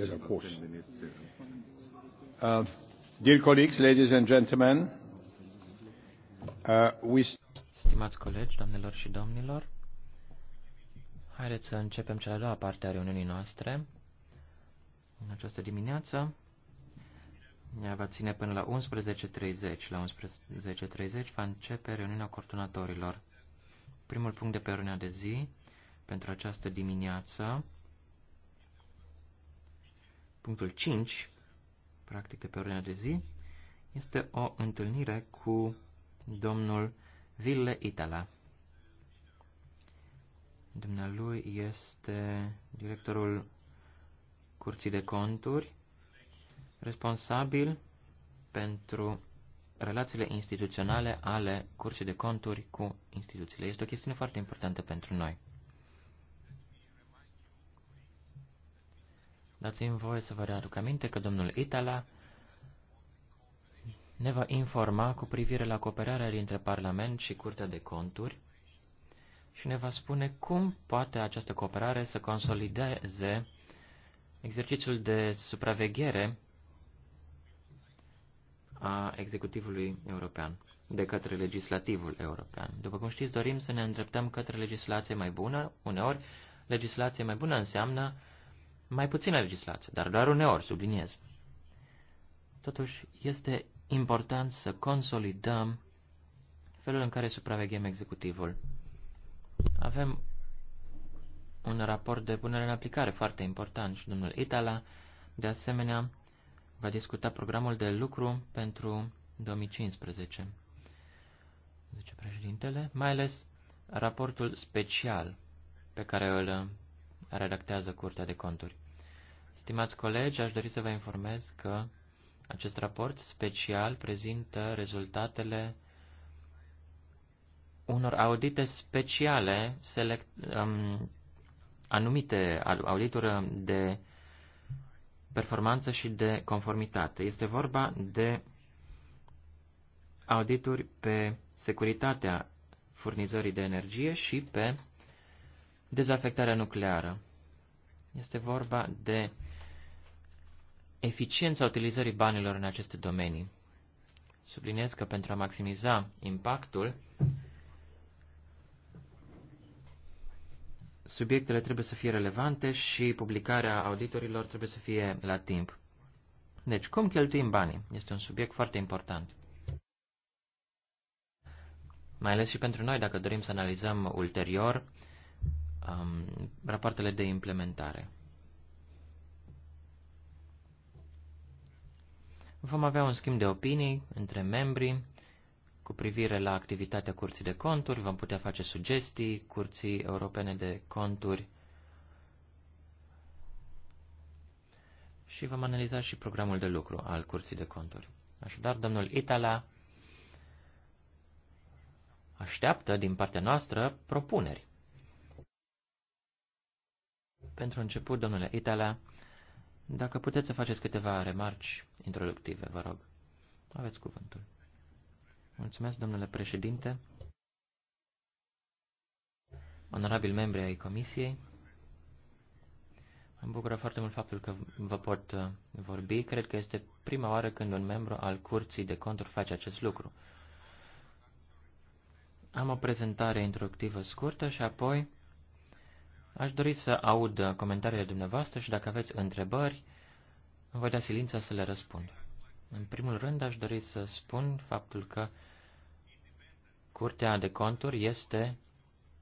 Yes, of course. Uh, dear colleagues, ladies and gentlemen, uh, we... Stimați colegi, doamnelor și domnilor, haideți să începem cea de-a doua parte a reuniunii noastre. În această dimineață ea va ține până la 11.30. La 11.30 va începe reuniunea coordonatorilor. Primul punct de pe reuniunea de zi pentru această dimineață. Punctul 5, practic de pe ordinea de zi, este o întâlnire cu domnul Ville Itala. Dumnealui este directorul Curții de Conturi, responsabil pentru relațiile instituționale ale Curții de Conturi cu instituțiile. Este o chestiune foarte importantă pentru noi. Dați-mi voie să vă readuc aminte că domnul Itala ne va informa cu privire la cooperarea dintre Parlament și Curtea de Conturi și ne va spune cum poate această cooperare să consolideze exercițiul de supraveghere a executivului european de către legislativul european. După cum știți, dorim să ne îndreptăm către legislație mai bună. Uneori, legislație mai bună înseamnă mai puțină legislație, dar doar uneori, subliniez. Totuși, este important să consolidăm felul în care supraveghem executivul. Avem un raport de punere în aplicare foarte important și domnul Itala, de asemenea, va discuta programul de lucru pentru 2015. Zice președintele, mai ales raportul special pe care îl redactează Curtea de Conturi. Stimați colegi, aș dori să vă informez că acest raport special prezintă rezultatele unor audite speciale, select, um, anumite audituri um, de performanță și de conformitate. Este vorba de audituri pe securitatea furnizării de energie și pe dezafectarea nucleară. Este vorba de eficiența utilizării banilor în aceste domenii. Subliniez că pentru a maximiza impactul, subiectele trebuie să fie relevante și publicarea auditorilor trebuie să fie la timp. Deci, cum cheltuim banii? Este un subiect foarte important. Mai ales și pentru noi, dacă dorim să analizăm ulterior um, rapoartele de implementare. Vom avea un schimb de opinii între membrii cu privire la activitatea Curții de Conturi, vom putea face sugestii Curții Europene de Conturi și vom analiza și programul de lucru al Curții de Conturi. Așadar, domnul Itala așteaptă din partea noastră propuneri. Pentru început, domnule Itala, dacă puteți să faceți câteva remarci introductive, vă rog. Aveți cuvântul. Mulțumesc, domnule președinte. Onorabil membri ai comisiei, îmi bucură foarte mult faptul că vă pot uh, vorbi. Cred că este prima oară când un membru al Curții de Conturi face acest lucru. Am o prezentare introductivă scurtă și apoi Aș dori să aud comentariile dumneavoastră și dacă aveți întrebări, voi da silința să le răspund. În primul rând, aș dori să spun faptul că Curtea de Conturi este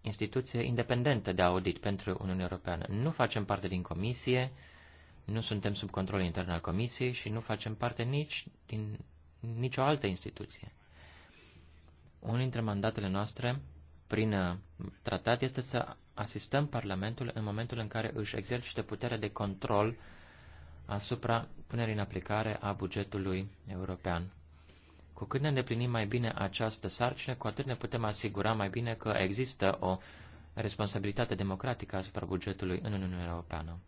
instituție independentă de audit pentru Uniunea Europeană. Nu facem parte din comisie, nu suntem sub control intern al comisiei și nu facem parte nici din nicio altă instituție. Unul dintre mandatele noastre prin uh, tratat este să asistăm Parlamentul în momentul în care își exercită puterea de control asupra punerii în aplicare a bugetului european. Cu cât ne îndeplinim mai bine această sarcină, cu atât ne putem asigura mai bine că există o responsabilitate democratică asupra bugetului în Uniunea Europeană.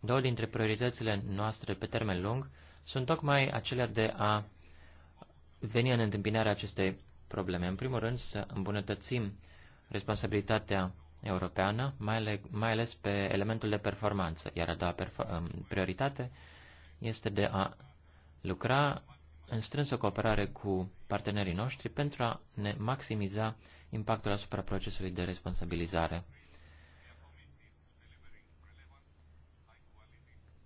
Două dintre prioritățile noastre pe termen lung sunt tocmai acelea de a veni în întâmpinarea acestei probleme. În primul rând, să îmbunătățim responsabilitatea europeană, mai mai ales pe elementul de performanță, iar a doua um, prioritate este de a lucra în strânsă cooperare cu partenerii noștri pentru a ne maximiza impactul asupra procesului de responsabilizare.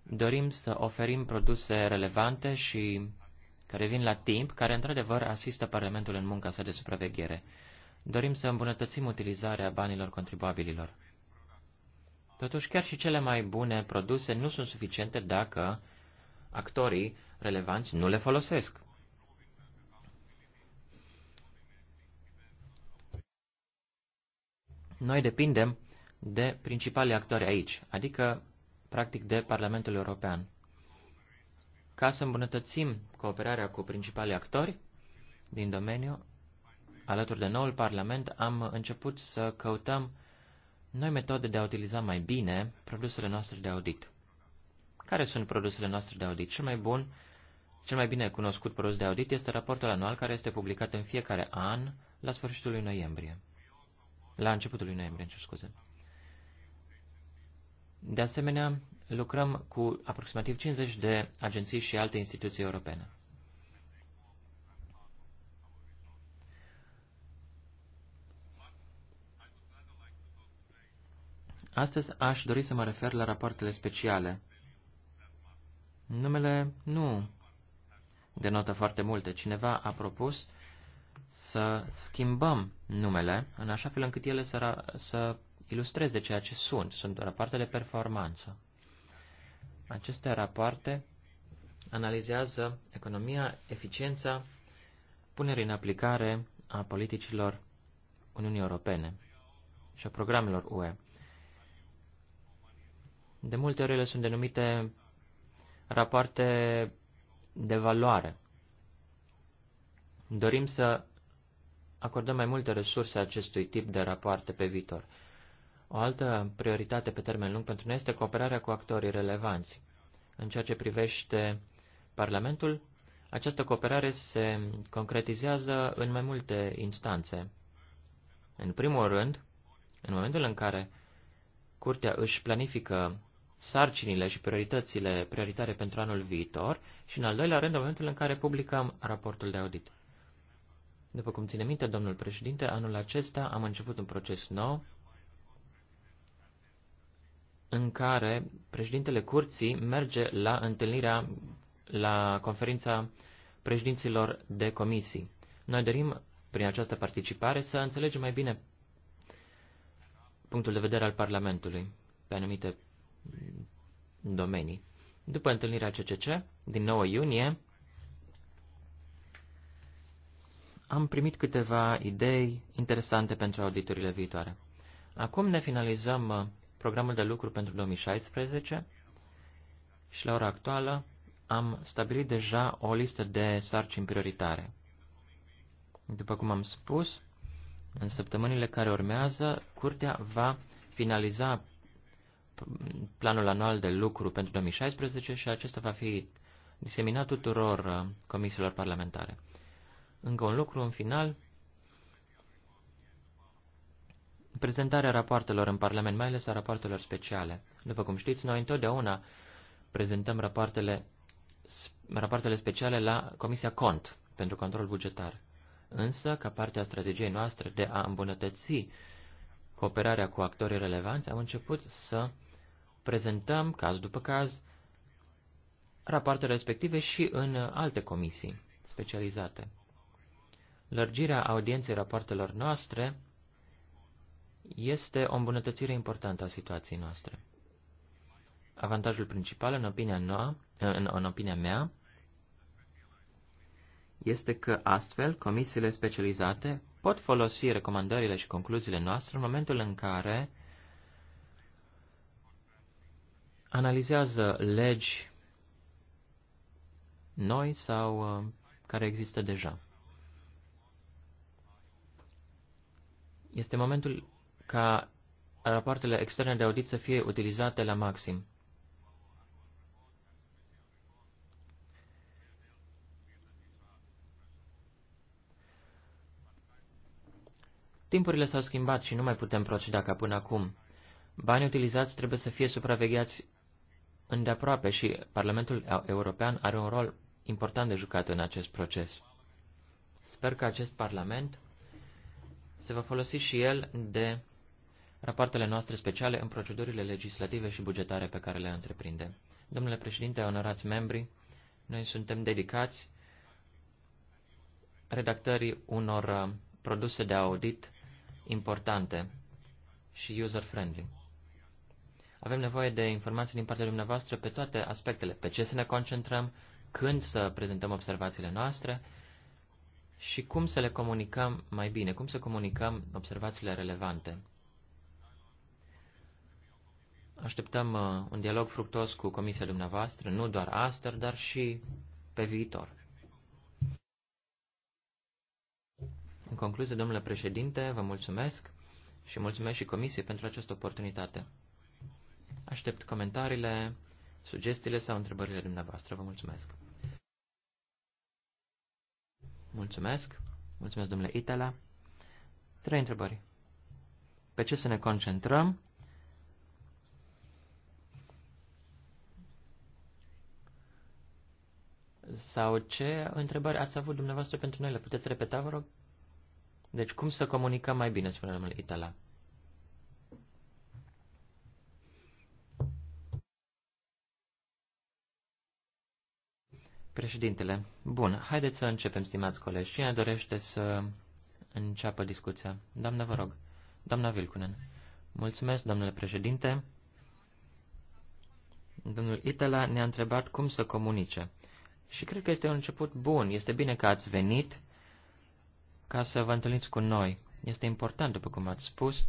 Dorim să oferim produse relevante și care vin la timp, care într-adevăr asistă Parlamentul în munca sa de supraveghere. Dorim să îmbunătățim utilizarea banilor contribuabililor. Totuși, chiar și cele mai bune produse nu sunt suficiente dacă actorii relevanți nu le folosesc. Noi depindem de principalii actori aici, adică, practic, de Parlamentul European. Ca să îmbunătățim cooperarea cu principalii actori din domeniu, alături de noul Parlament, am început să căutăm noi metode de a utiliza mai bine produsele noastre de audit. Care sunt produsele noastre de audit? Cel mai bun, cel mai bine cunoscut produs de audit este raportul anual care este publicat în fiecare an la sfârșitul lui noiembrie. La începutul lui noiembrie, încerc scuze. De asemenea, lucrăm cu aproximativ 50 de agenții și alte instituții europene. Astăzi aș dori să mă refer la rapoartele speciale. Numele nu denotă foarte multe. Cineva a propus să schimbăm numele în așa fel încât ele să, să ilustreze ceea ce sunt. Sunt rapoarte de performanță. Aceste rapoarte analizează economia, eficiența, punerea în aplicare a politicilor Uniunii Europene și a programelor UE. De multe ori ele sunt denumite rapoarte de valoare. Dorim să acordăm mai multe resurse acestui tip de rapoarte pe viitor. O altă prioritate pe termen lung pentru noi este cooperarea cu actorii relevanți. În ceea ce privește Parlamentul, această cooperare se concretizează în mai multe instanțe. În primul rând, în momentul în care Curtea își planifică sarcinile și prioritățile prioritare pentru anul viitor și, în al doilea rând, în momentul în care publicăm raportul de audit. După cum ține minte, domnul președinte, anul acesta am început un proces nou în care președintele curții merge la întâlnirea, la conferința președinților de comisii. Noi dorim, prin această participare, să înțelegem mai bine punctul de vedere al Parlamentului pe anumite domenii. După întâlnirea CCC, din 9 iunie, am primit câteva idei interesante pentru auditorile viitoare. Acum ne finalizăm uh, programul de lucru pentru 2016 și la ora actuală am stabilit deja o listă de sarcini prioritare. După cum am spus, în săptămânile care urmează, Curtea va finaliza planul anual de lucru pentru 2016 și acesta va fi diseminat tuturor uh, comisiilor parlamentare. Încă un lucru în final, prezentarea rapoartelor în Parlament, mai ales a rapoartelor speciale. După cum știți, noi întotdeauna prezentăm rapoartele, rapoartele speciale la Comisia Cont pentru control bugetar. Însă, ca parte a strategiei noastre de a îmbunătăți cooperarea cu actorii relevanți, am început să prezentăm, caz după caz, rapoarte respective și în alte comisii specializate. Lărgirea audienței rapoartelor noastre este o îmbunătățire importantă a situației noastre. Avantajul principal, în opinia, noa, în, în opinia mea, este că astfel comisiile specializate pot folosi recomandările și concluziile noastre în momentul în care analizează legi noi sau uh, care există deja. Este momentul ca rapoartele externe de audit să fie utilizate la maxim. Timpurile s-au schimbat și nu mai putem proceda ca până acum. Banii utilizați trebuie să fie supravegheați îndeaproape și Parlamentul European are un rol important de jucat în acest proces. Sper că acest Parlament se va folosi și el de rapoartele noastre speciale în procedurile legislative și bugetare pe care le întreprinde. Domnule președinte, onorați membri, noi suntem dedicați redactării unor produse de audit importante și user-friendly. Avem nevoie de informații din partea dumneavoastră pe toate aspectele, pe ce să ne concentrăm, când să prezentăm observațiile noastre și cum să le comunicăm mai bine, cum să comunicăm observațiile relevante. Așteptăm uh, un dialog fructos cu comisia dumneavoastră, nu doar astăzi, dar și pe viitor. În concluzie, domnule președinte, vă mulțumesc și mulțumesc și comisiei pentru această oportunitate. Aștept comentariile, sugestiile sau întrebările dumneavoastră. Vă mulțumesc. Mulțumesc. Mulțumesc, domnule Itala. Trei întrebări. Pe ce să ne concentrăm? Sau ce întrebări ați avut dumneavoastră pentru noi? Le puteți repeta, vă rog? Deci, cum să comunicăm mai bine, spune domnul Itala. Președintele, bun, haideți să începem, stimați colegi. Cine dorește să înceapă discuția? Doamnă, vă rog. Doamna Vilcunen. Mulțumesc, domnule președinte. Domnul Itala ne-a întrebat cum să comunice. Și cred că este un început bun. Este bine că ați venit ca să vă întâlniți cu noi. Este important, după cum ați spus,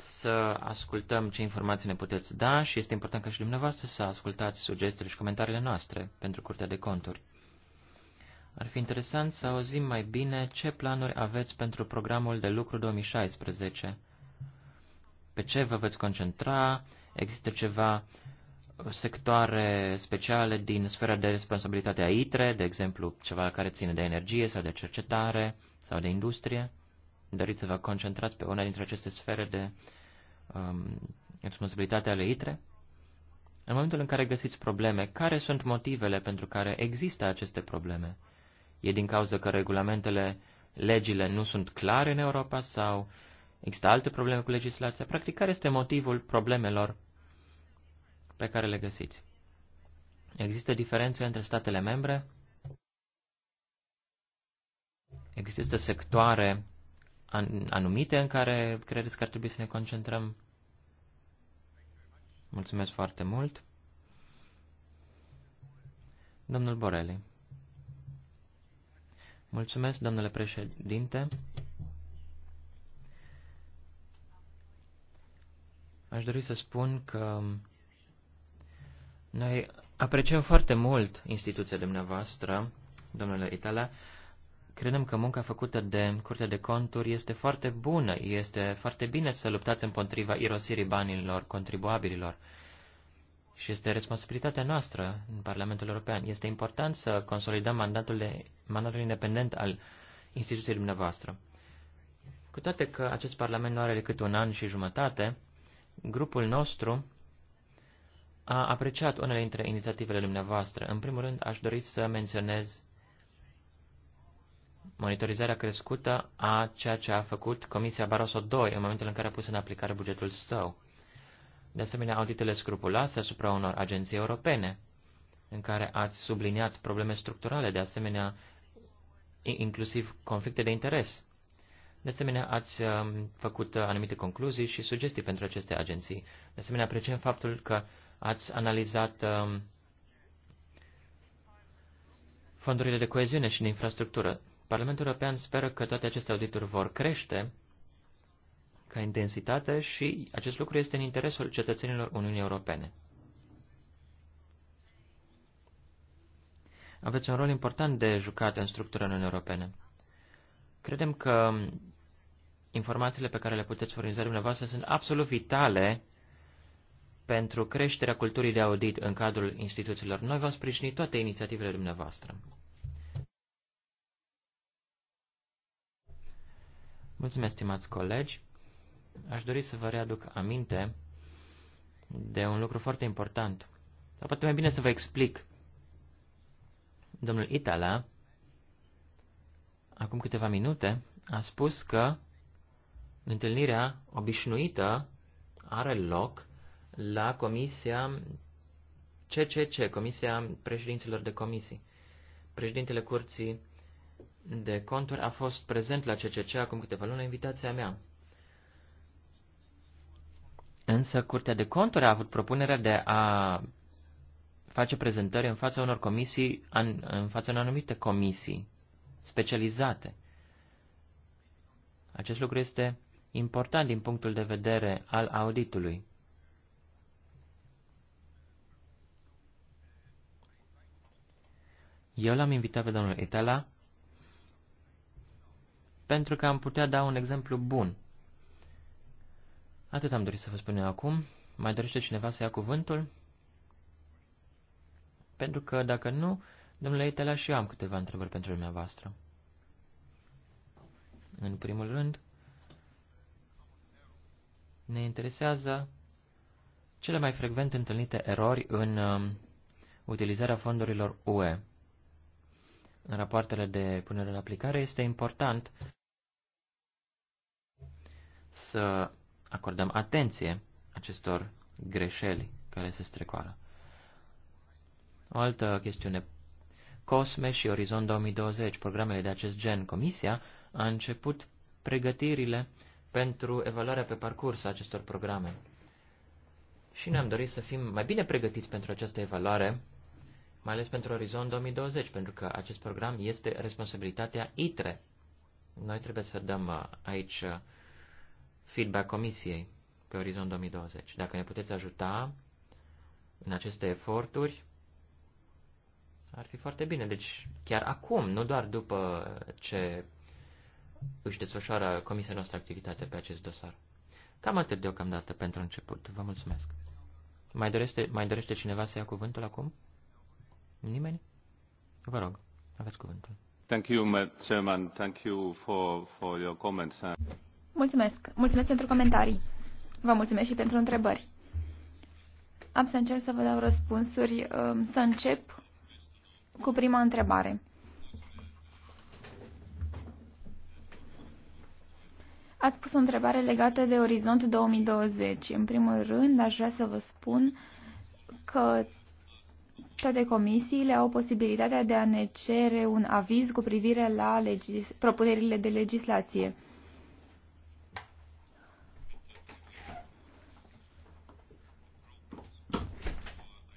să ascultăm ce informații ne puteți da și este important ca și dumneavoastră să ascultați sugestiile și comentariile noastre pentru Curtea de Conturi. Ar fi interesant să auzim mai bine ce planuri aveți pentru programul de lucru 2016. Pe ce vă veți concentra? Există ceva uh, sectoare speciale din sfera de responsabilitate a ITRE, de exemplu ceva care ține de energie sau de cercetare sau de industrie? Doriți să vă concentrați pe una dintre aceste sfere de um, responsabilitate ale ITRE? În momentul în care găsiți probleme, care sunt motivele pentru care există aceste probleme? E din cauza că regulamentele, legile nu sunt clare în Europa sau există alte probleme cu legislația? Practic, care este motivul problemelor pe care le găsiți? Există diferențe între statele membre? Există sectoare anumite în care credeți că ar trebui să ne concentrăm? Mulțumesc foarte mult. Domnul Borelli. Mulțumesc, domnule președinte. Aș dori să spun că noi apreciem foarte mult instituția dumneavoastră, domnule Itala, Credem că munca făcută de Curtea de Conturi este foarte bună, este foarte bine să luptați împotriva irosirii banilor contribuabililor. Și este responsabilitatea noastră în Parlamentul European. Este important să consolidăm mandatul, de, mandatul independent al instituției dumneavoastră. Cu toate că acest Parlament nu are decât un an și jumătate, grupul nostru a apreciat unele dintre inițiativele dumneavoastră. În primul rând, aș dori să menționez monitorizarea crescută a ceea ce a făcut Comisia Barroso II în momentul în care a pus în aplicare bugetul său. De asemenea, auditele scrupuloase asupra unor agenții europene, în care ați subliniat probleme structurale, de asemenea, inclusiv conflicte de interes. De asemenea, ați uh, făcut uh, anumite concluzii și sugestii pentru aceste agenții. De asemenea, apreciem faptul că ați analizat um, fondurile de coeziune și de infrastructură. Parlamentul European speră că toate aceste audituri vor crește ca intensitate și acest lucru este în interesul cetățenilor Uniunii Europene. Aveți un rol important de jucat în structura Uniunii Europene. Credem că informațiile pe care le puteți furniza dumneavoastră sunt absolut vitale pentru creșterea culturii de audit în cadrul instituțiilor. Noi vom sprijini toate inițiativele dumneavoastră. Mulțumesc, stimați colegi. Aș dori să vă readuc aminte de un lucru foarte important. Sau poate mai bine să vă explic. Domnul Itala, acum câteva minute, a spus că întâlnirea obișnuită are loc la Comisia CCC, Comisia Președinților de Comisii. Președintele Curții de conturi a fost prezent la CCC acum câteva luni la invitația mea. Însă Curtea de Conturi a avut propunerea de a face prezentări în fața unor comisii, în, în fața unor anumite comisii specializate. Acest lucru este important din punctul de vedere al auditului. Eu l-am invitat pe domnul Itala pentru că am putea da un exemplu bun. Atât am dorit să vă spun eu acum. Mai dorește cineva să ia cuvântul? Pentru că, dacă nu, domnule Itala și eu am câteva întrebări pentru dumneavoastră. În primul rând, ne interesează cele mai frecvent întâlnite erori în uh, utilizarea fondurilor UE. În rapoartele de punere în aplicare este important să acordăm atenție acestor greșeli care se strecoară. O altă chestiune. COSME și Orizont 2020, programele de acest gen, Comisia a început pregătirile pentru evaluarea pe parcurs a acestor programe. Și ne-am dorit să fim mai bine pregătiți pentru această evaluare, mai ales pentru Orizont 2020, pentru că acest program este responsabilitatea ITRE. Noi trebuie să dăm uh, aici uh, feedback comisiei pe orizont 2020. Dacă ne puteți ajuta în aceste eforturi, ar fi foarte bine. Deci chiar acum, nu doar după ce își desfășoară comisia noastră activitate pe acest dosar. Cam atât deocamdată pentru început. Vă mulțumesc. Mai dorește, mai dorește cineva să ia cuvântul acum? Nimeni? Vă rog, aveți cuvântul. Thank you, Chairman. Thank you for, for your comments. Mulțumesc. Mulțumesc pentru comentarii. Vă mulțumesc și pentru întrebări. Am să încerc să vă dau răspunsuri. Să încep cu prima întrebare. Ați pus o întrebare legată de Orizont 2020. În primul rând, aș vrea să vă spun că toate comisiile au posibilitatea de a ne cere un aviz cu privire la legis- propunerile de legislație.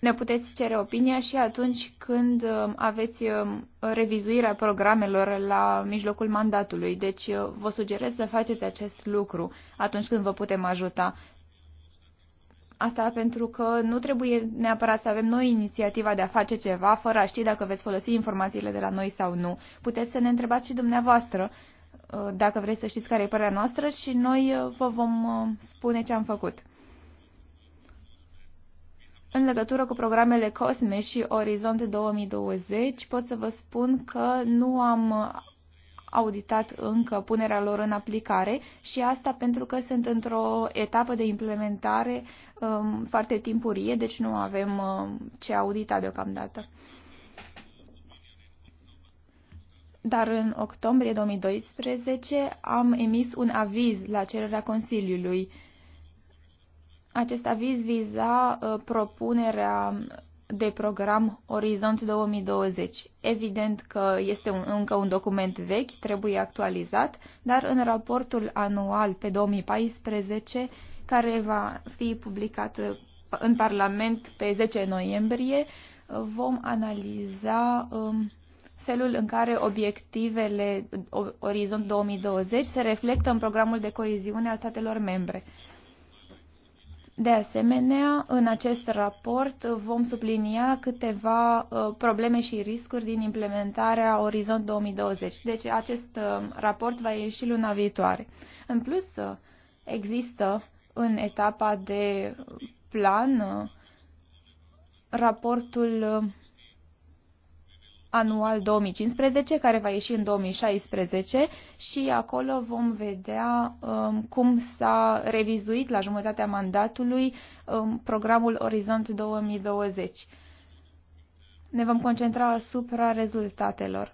ne puteți cere opinia și atunci când uh, aveți uh, revizuirea programelor la mijlocul mandatului. Deci uh, vă sugerez să faceți acest lucru atunci când vă putem ajuta. Asta pentru că nu trebuie neapărat să avem noi inițiativa de a face ceva fără a ști dacă veți folosi informațiile de la noi sau nu. Puteți să ne întrebați și dumneavoastră dacă vreți să știți care e părerea noastră și noi vă vom spune ce am făcut. În legătură cu programele COSME și Orizont 2020, pot să vă spun că nu am auditat încă punerea lor în aplicare și asta pentru că sunt într-o etapă de implementare um, foarte timpurie, deci nu avem um, ce audita deocamdată. Dar în octombrie 2012 am emis un aviz la cererea Consiliului uh, acest aviz viza uh, propunerea de program Orizont 2020. Evident că este un, încă un document vechi, trebuie actualizat, dar în raportul anual pe 2014, care va fi publicat uh, în Parlament pe 10 noiembrie, uh, vom analiza um, felul în care obiectivele Orizont 2020 se reflectă în programul de coeziune al statelor membre. De asemenea, în acest raport vom sublinia câteva uh, probleme și riscuri din implementarea Orizont 2020. Deci acest uh, raport va ieși luna viitoare. În plus, uh, există în etapa de plan raportul anual 2015, care va ieși în 2016 și acolo vom vedea um, cum s-a revizuit la jumătatea mandatului um, programul Orizont 2020. Ne vom concentra asupra rezultatelor.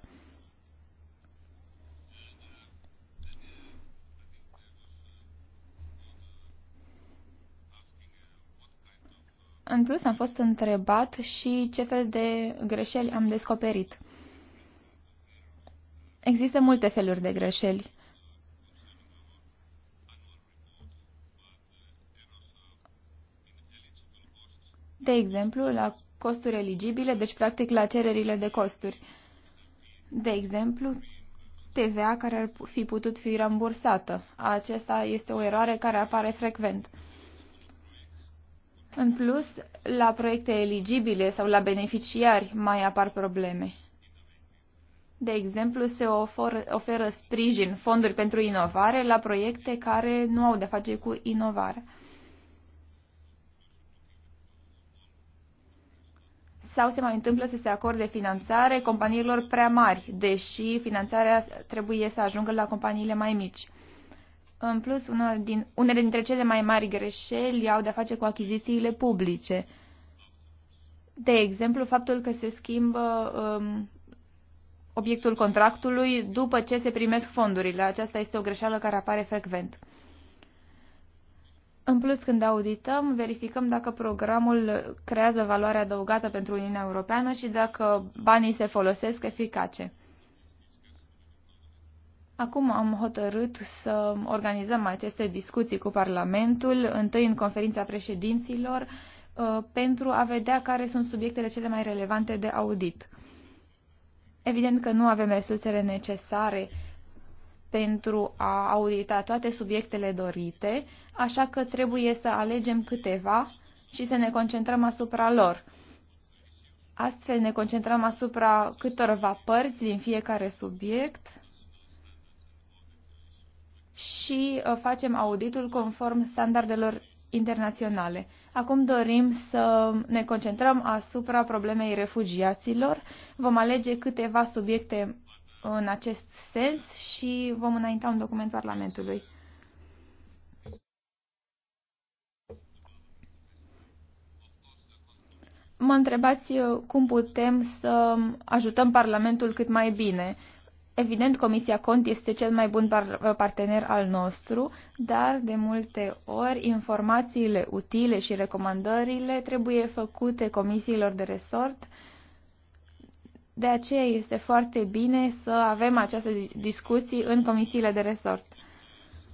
În plus, am fost întrebat și ce fel de greșeli am descoperit. Există multe feluri de greșeli. De exemplu, la costuri eligibile, deci practic la cererile de costuri. De exemplu, TVA care ar fi putut fi rambursată. Aceasta este o eroare care apare frecvent. În plus, la proiecte eligibile sau la beneficiari mai apar probleme. De exemplu, se ofer, oferă sprijin, fonduri pentru inovare la proiecte care nu au de face cu inovarea. Sau se mai întâmplă să se acorde finanțare companiilor prea mari, deși finanțarea trebuie să ajungă la companiile mai mici. În plus, una din, unele dintre cele mai mari greșeli au de-a face cu achizițiile publice. De exemplu, faptul că se schimbă um, obiectul contractului după ce se primesc fondurile. Aceasta este o greșeală care apare frecvent. În plus, când audităm, verificăm dacă programul creează valoare adăugată pentru Uniunea Europeană și dacă banii se folosesc eficace. Acum am hotărât să organizăm aceste discuții cu Parlamentul, întâi în conferința președinților, uh, pentru a vedea care sunt subiectele cele mai relevante de audit. Evident că nu avem resursele necesare pentru a audita toate subiectele dorite, așa că trebuie să alegem câteva și să ne concentrăm asupra lor. Astfel ne concentrăm asupra câtorva părți din fiecare subiect și uh, facem auditul conform standardelor internaționale. Acum dorim să ne concentrăm asupra problemei refugiaților. Vom alege câteva subiecte în acest sens și vom înainta un document Parlamentului. Mă întrebați uh, cum putem să ajutăm Parlamentul cât mai bine. Evident, Comisia Cont este cel mai bun par uh, partener al nostru, dar de multe ori informațiile utile și recomandările trebuie făcute comisiilor de resort. De aceea este foarte bine să avem această discuții în comisiile de resort.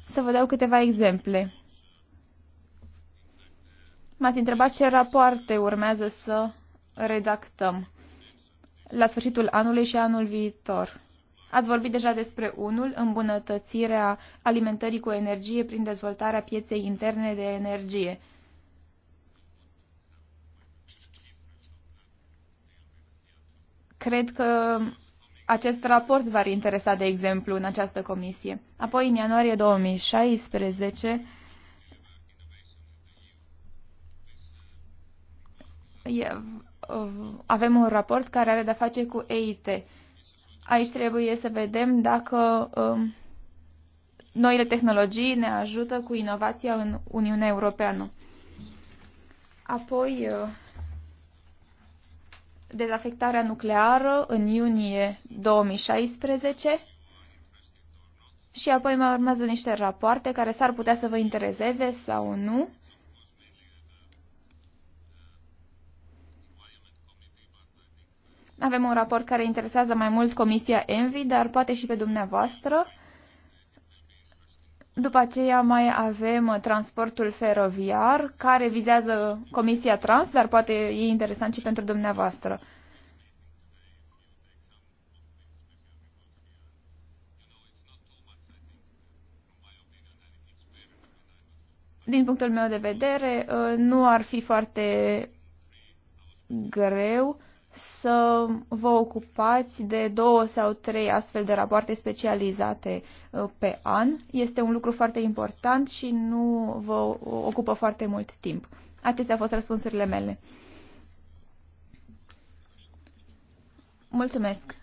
Să vă dau câteva exemple. M-ați întrebat ce rapoarte urmează să redactăm la sfârșitul anului și anul viitor. Ați vorbit deja despre unul, îmbunătățirea alimentării cu energie prin dezvoltarea pieței interne de energie. Cred că acest raport v-ar interesa, de exemplu, în această comisie. Apoi, în ianuarie 2016, avem un raport care are de-a face cu EIT. Aici trebuie să vedem dacă um, noile tehnologii ne ajută cu inovația în Uniunea Europeană. Apoi, uh, dezafectarea nucleară în iunie 2016 și apoi mai urmează niște rapoarte care s-ar putea să vă intereseze sau nu. Avem un raport care interesează mai mult Comisia Envi, dar poate și pe dumneavoastră. După aceea mai avem uh, transportul feroviar, care vizează Comisia Trans, dar poate e interesant și pentru dumneavoastră. Din punctul meu de vedere, uh, nu ar fi foarte greu să vă ocupați de două sau trei astfel de rapoarte specializate uh, pe an. Este un lucru foarte important și nu vă ocupă foarte mult timp. Acestea au fost răspunsurile mele. Mulțumesc.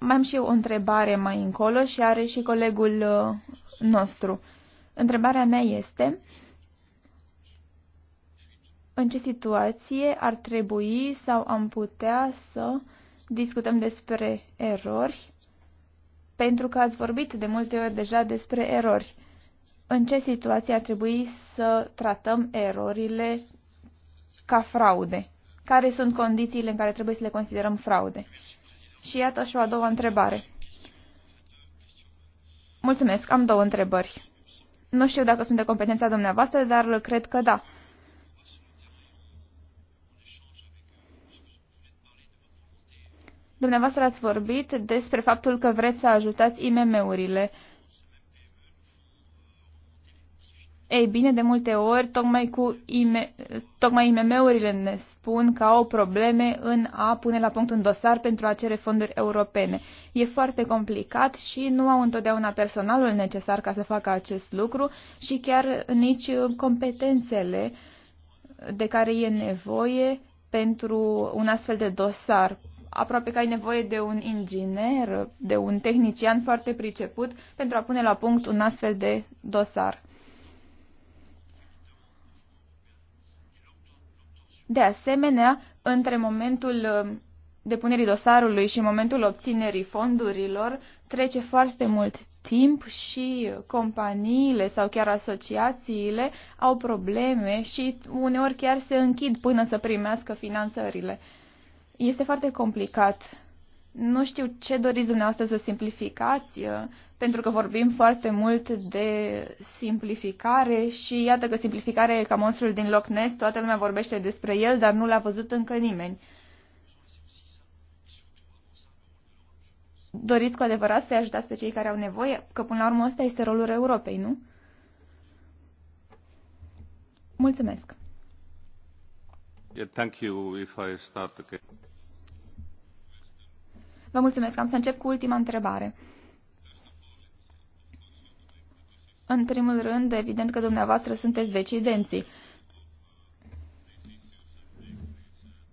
Mai am și eu o întrebare mai încolo și are și colegul uh, nostru. Întrebarea mea este, în ce situație ar trebui sau am putea să discutăm despre erori, pentru că ați vorbit de multe ori deja despre erori. În ce situație ar trebui să tratăm erorile ca fraude? Care sunt condițiile în care trebuie să le considerăm fraude? Și iată și o a doua întrebare. Mulțumesc, am două întrebări. Nu știu dacă sunt de competența dumneavoastră, dar cred că da. Dumneavoastră ați vorbit despre faptul că vreți să ajutați IMM-urile. Ei bine, de multe ori, tocmai, cu IME, tocmai IMM-urile ne spun că au probleme în a pune la punct un dosar pentru a cere fonduri europene. E foarte complicat și nu au întotdeauna personalul necesar ca să facă acest lucru și chiar nici competențele de care e nevoie pentru un astfel de dosar aproape că ai nevoie de un inginer, de un tehnician foarte priceput pentru a pune la punct un astfel de dosar. De asemenea, între momentul uh, depunerii dosarului și momentul obținerii fondurilor trece foarte mult timp și companiile sau chiar asociațiile au probleme și uneori chiar se închid până să primească finanțările. Este foarte complicat. Nu știu ce doriți dumneavoastră să simplificați, uh, pentru că vorbim foarte mult de simplificare și iată că simplificarea e ca monstrul din Loch Ness, toată lumea vorbește despre el, dar nu l-a văzut încă nimeni. Doriți cu adevărat să-i ajutați pe cei care au nevoie? Că până la urmă ăsta este rolul Europei, nu? Mulțumesc! Vă mulțumesc. Am să încep cu ultima întrebare. În primul rând, evident că dumneavoastră sunteți decidenții.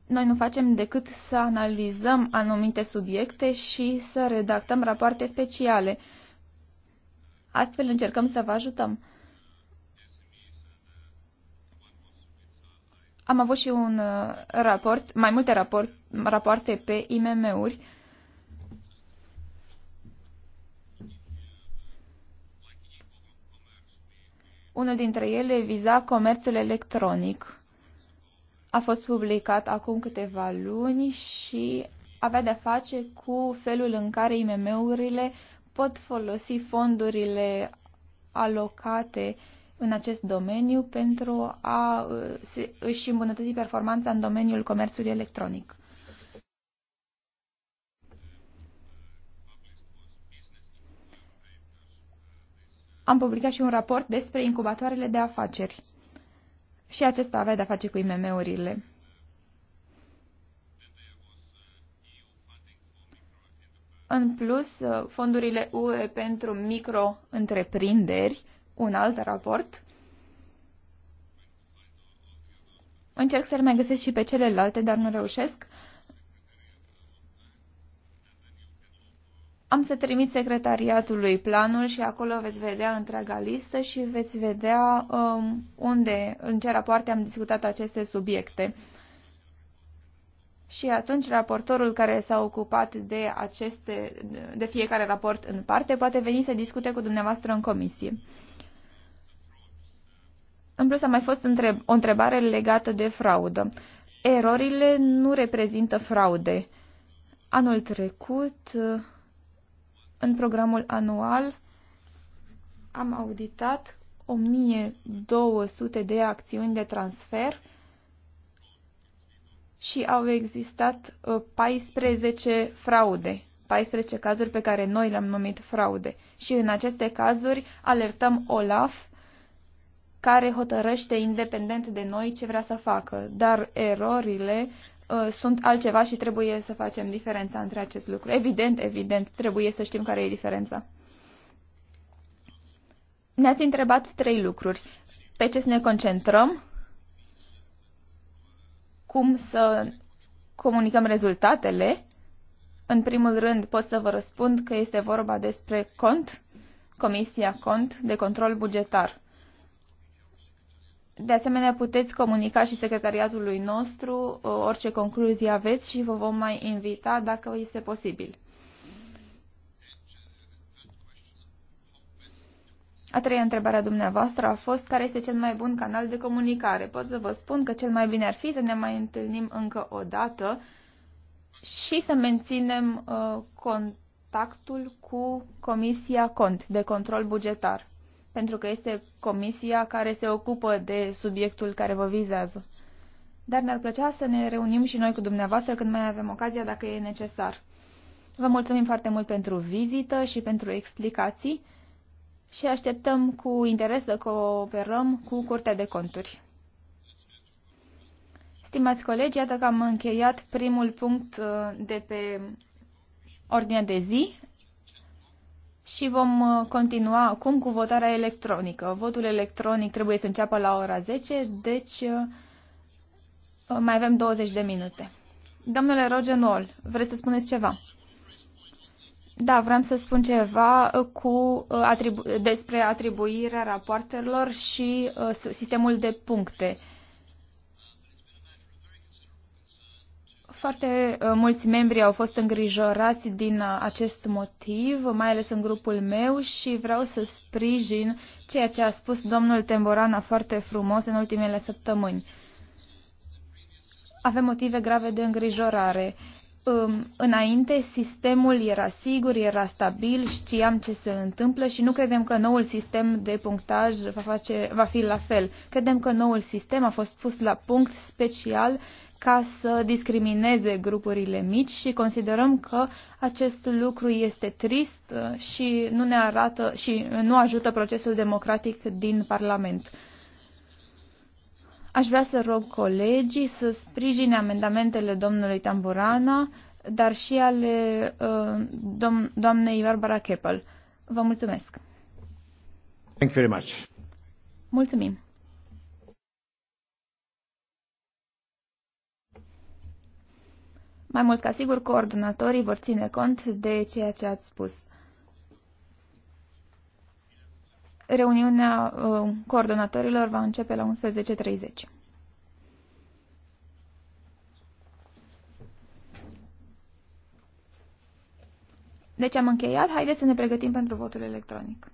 Noi nu facem decât să analizăm anumite subiecte și să redactăm rapoarte speciale. Astfel încercăm să vă ajutăm. Am avut și un uh, raport, mai multe raport, rapoarte pe IMM-uri. Unul dintre ele viza comerțul electronic. A fost publicat acum câteva luni și avea de-a face cu felul în care IMM-urile pot folosi fondurile alocate uh, în acest domeniu pentru a uh, își îmbunătăți performanța în domeniul comerțului electronic. Am publicat și un raport despre incubatoarele de afaceri. Și acesta avea de-a face cu IMM-urile. În plus, uh, fondurile UE pentru micro-întreprinderi un alt raport. Încerc să-l mai găsesc și pe celelalte, dar nu reușesc. Am să trimit secretariatului planul și acolo veți vedea întreaga listă și veți vedea um, unde, în ce rapoarte am discutat aceste subiecte. Și atunci raportorul care s-a ocupat de, aceste, de fiecare raport în parte poate veni să discute cu dumneavoastră în comisie. În plus, a mai fost întreb o întrebare legată de fraudă. Erorile nu reprezintă fraude. Anul trecut, în programul anual, am auditat 1200 de acțiuni de transfer și au existat 14 uh, fraude, 14 cazuri pe care noi le-am numit fraude. Și în aceste cazuri alertăm OLAF care hotărăște independent de noi ce vrea să facă. Dar erorile uh, sunt altceva și trebuie să facem diferența între acest lucru. Evident, evident, trebuie să știm care e diferența. Ne-ați întrebat trei lucruri. Pe ce să ne concentrăm, cum să comunicăm rezultatele. În primul rând pot să vă răspund că este vorba despre cont, Comisia Cont de Control Bugetar. De asemenea, puteți comunica și secretariatului nostru uh, orice concluzie aveți și vă vom mai invita dacă este posibil. A treia întrebare a dumneavoastră a fost care este cel mai bun canal de comunicare. Pot să vă spun că cel mai bine ar fi să ne mai întâlnim încă o dată și să menținem uh, contactul cu Comisia Cont de Control Bugetar pentru că este comisia care se ocupă de subiectul care vă vizează. Dar ne-ar plăcea să ne reunim și noi cu dumneavoastră când mai avem ocazia, dacă e necesar. Vă mulțumim foarte mult pentru vizită și pentru explicații și așteptăm cu interes să cooperăm cu Curtea de Conturi. Stimați colegi, iată că am încheiat primul punct uh, de pe ordinea de zi și vom uh, continua acum cu votarea electronică. Votul electronic trebuie să înceapă la ora 10, deci uh, uh, mai avem 20 de minute. Domnule Roger Noll, vreți să spuneți ceva? Da, vreau să spun ceva cu, atribu- despre atribuirea rapoartelor și uh, sistemul de puncte. Uh, Foarte uh, mulți membri au fost îngrijorați din uh, acest motiv, mai ales în grupul meu și vreau să sprijin ceea ce a spus domnul Temborana foarte frumos în ultimele săptămâni. Avem motive grave de îngrijorare. Um, înainte sistemul era sigur, era stabil, știam ce se întâmplă și nu credem că noul sistem de punctaj va, face, va fi la fel. Credem că noul sistem a fost pus la punct special ca să discrimineze grupurile mici și considerăm că acest lucru este trist uh, și nu ne arată și nu ajută procesul democratic din Parlament. Aș vrea să rog colegii să sprijine amendamentele domnului Tamburana, dar și ale uh, dom- doamnei Barbara Keppel. Vă mulțumesc! Thank you very much. Mulțumim! Mai mult ca sigur, coordonatorii vor ține cont de ceea ce ați spus. Reuniunea uh, coordonatorilor va începe la 11.30. Deci am încheiat. Haideți să ne pregătim pentru votul electronic.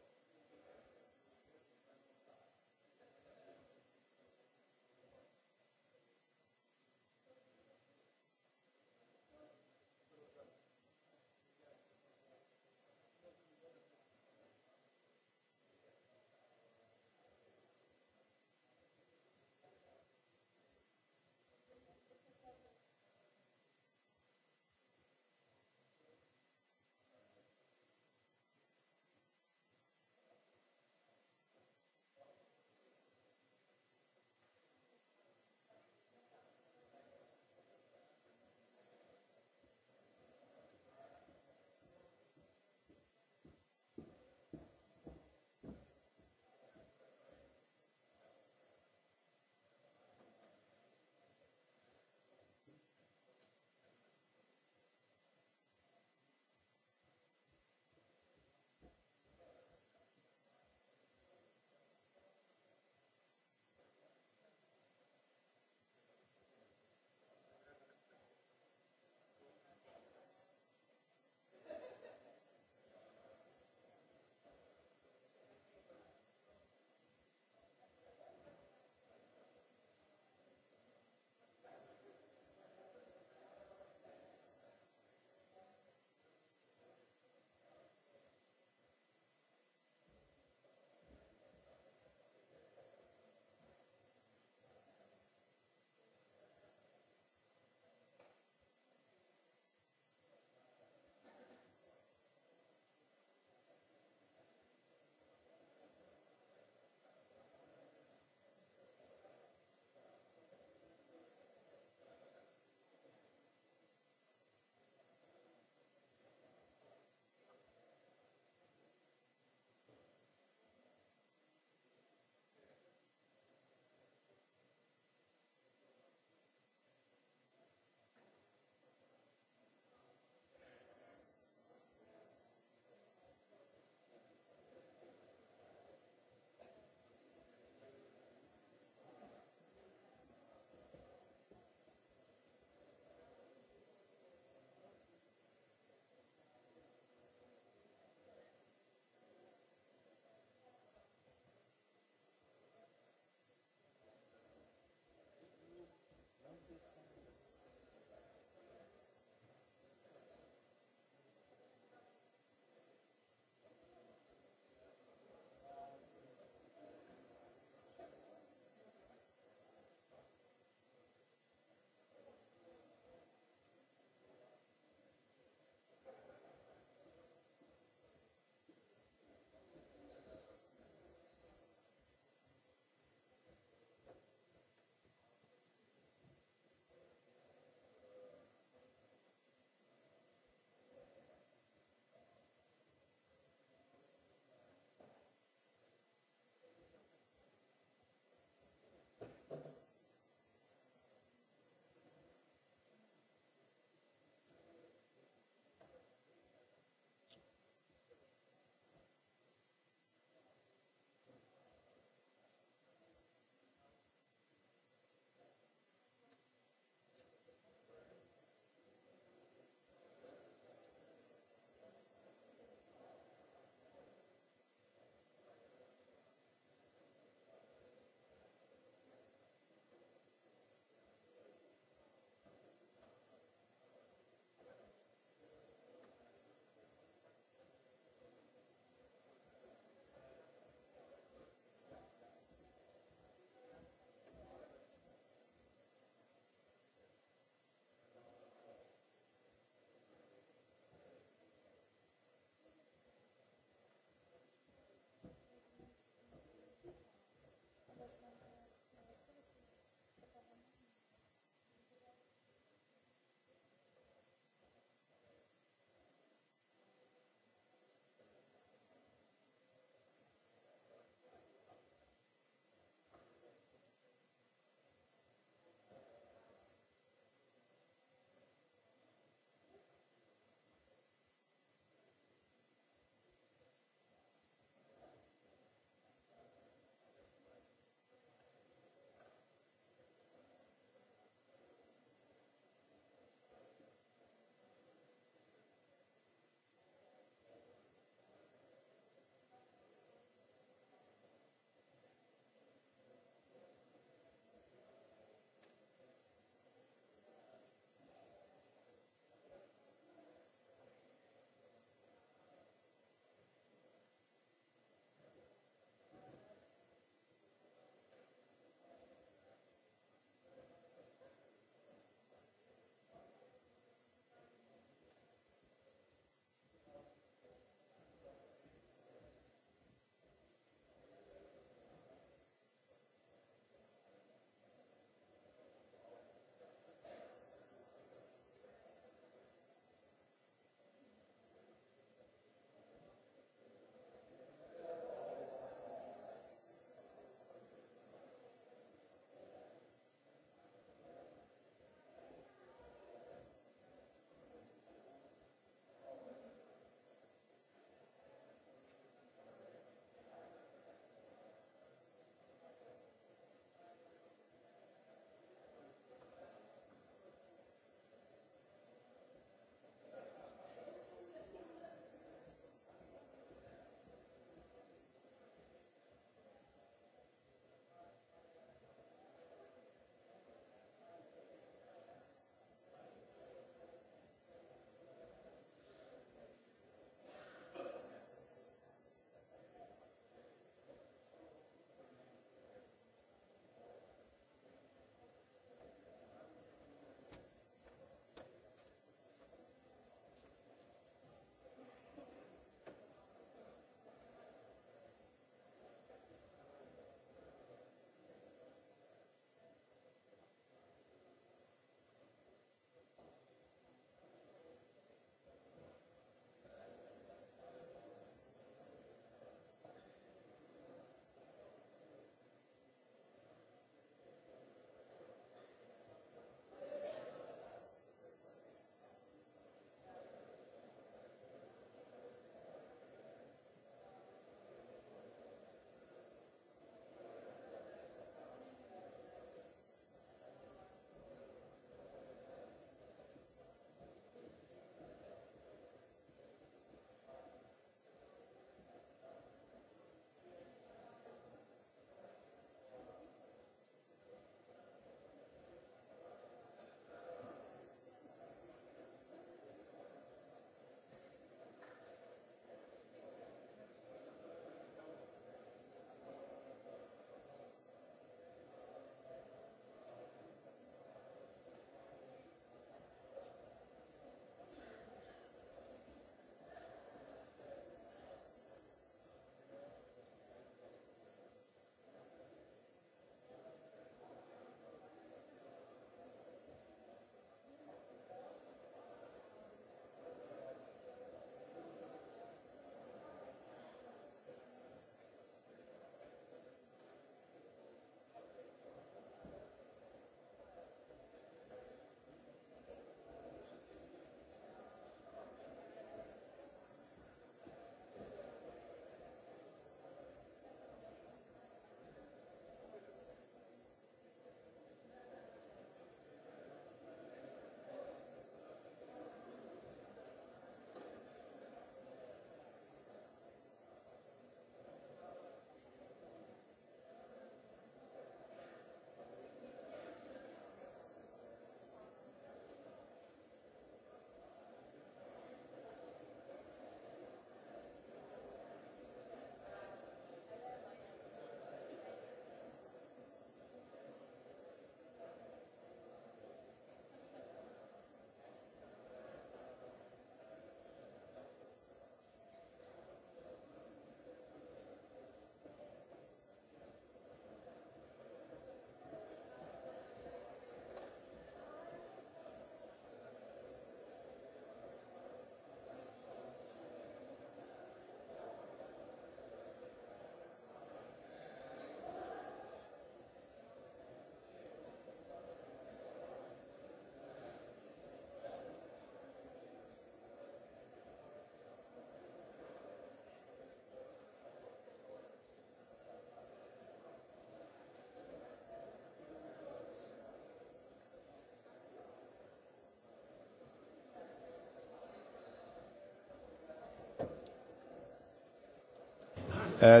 Uh,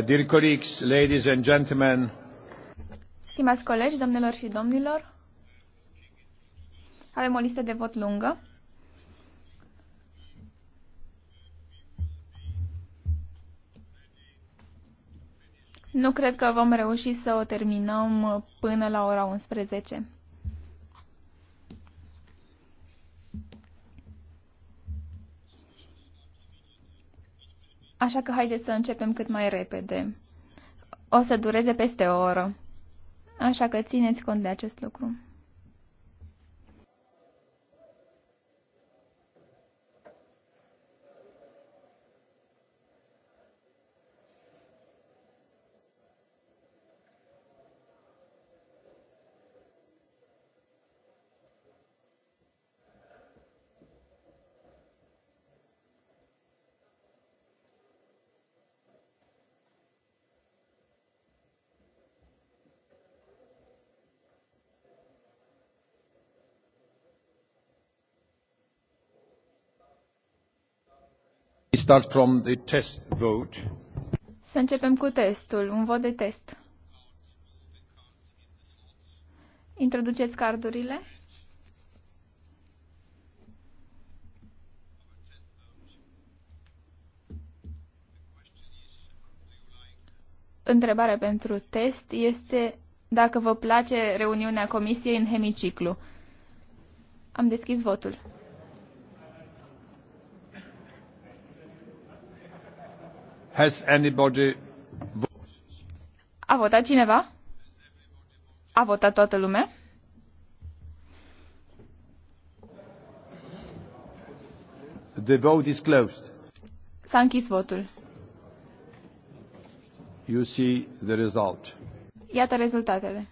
ladies and gentlemen. Stimați colegi, domnilor și domnilor, avem o listă de vot lungă. Nu cred că vom reuși să o terminăm până la ora 11. Așa că haideți să începem cât mai repede. O să dureze peste o oră. Așa că țineți cont de acest lucru. start from the test vote. Să începem cu testul, un vot de test. Introduceți cardurile. Întrebarea pentru test este dacă vă place reuniunea comisiei în hemiciclu. Am deschis votul. Has anybody... A votat cineva? A votat toată lumea? The vote is closed. S-a închis votul. You see the result. Iată rezultatele.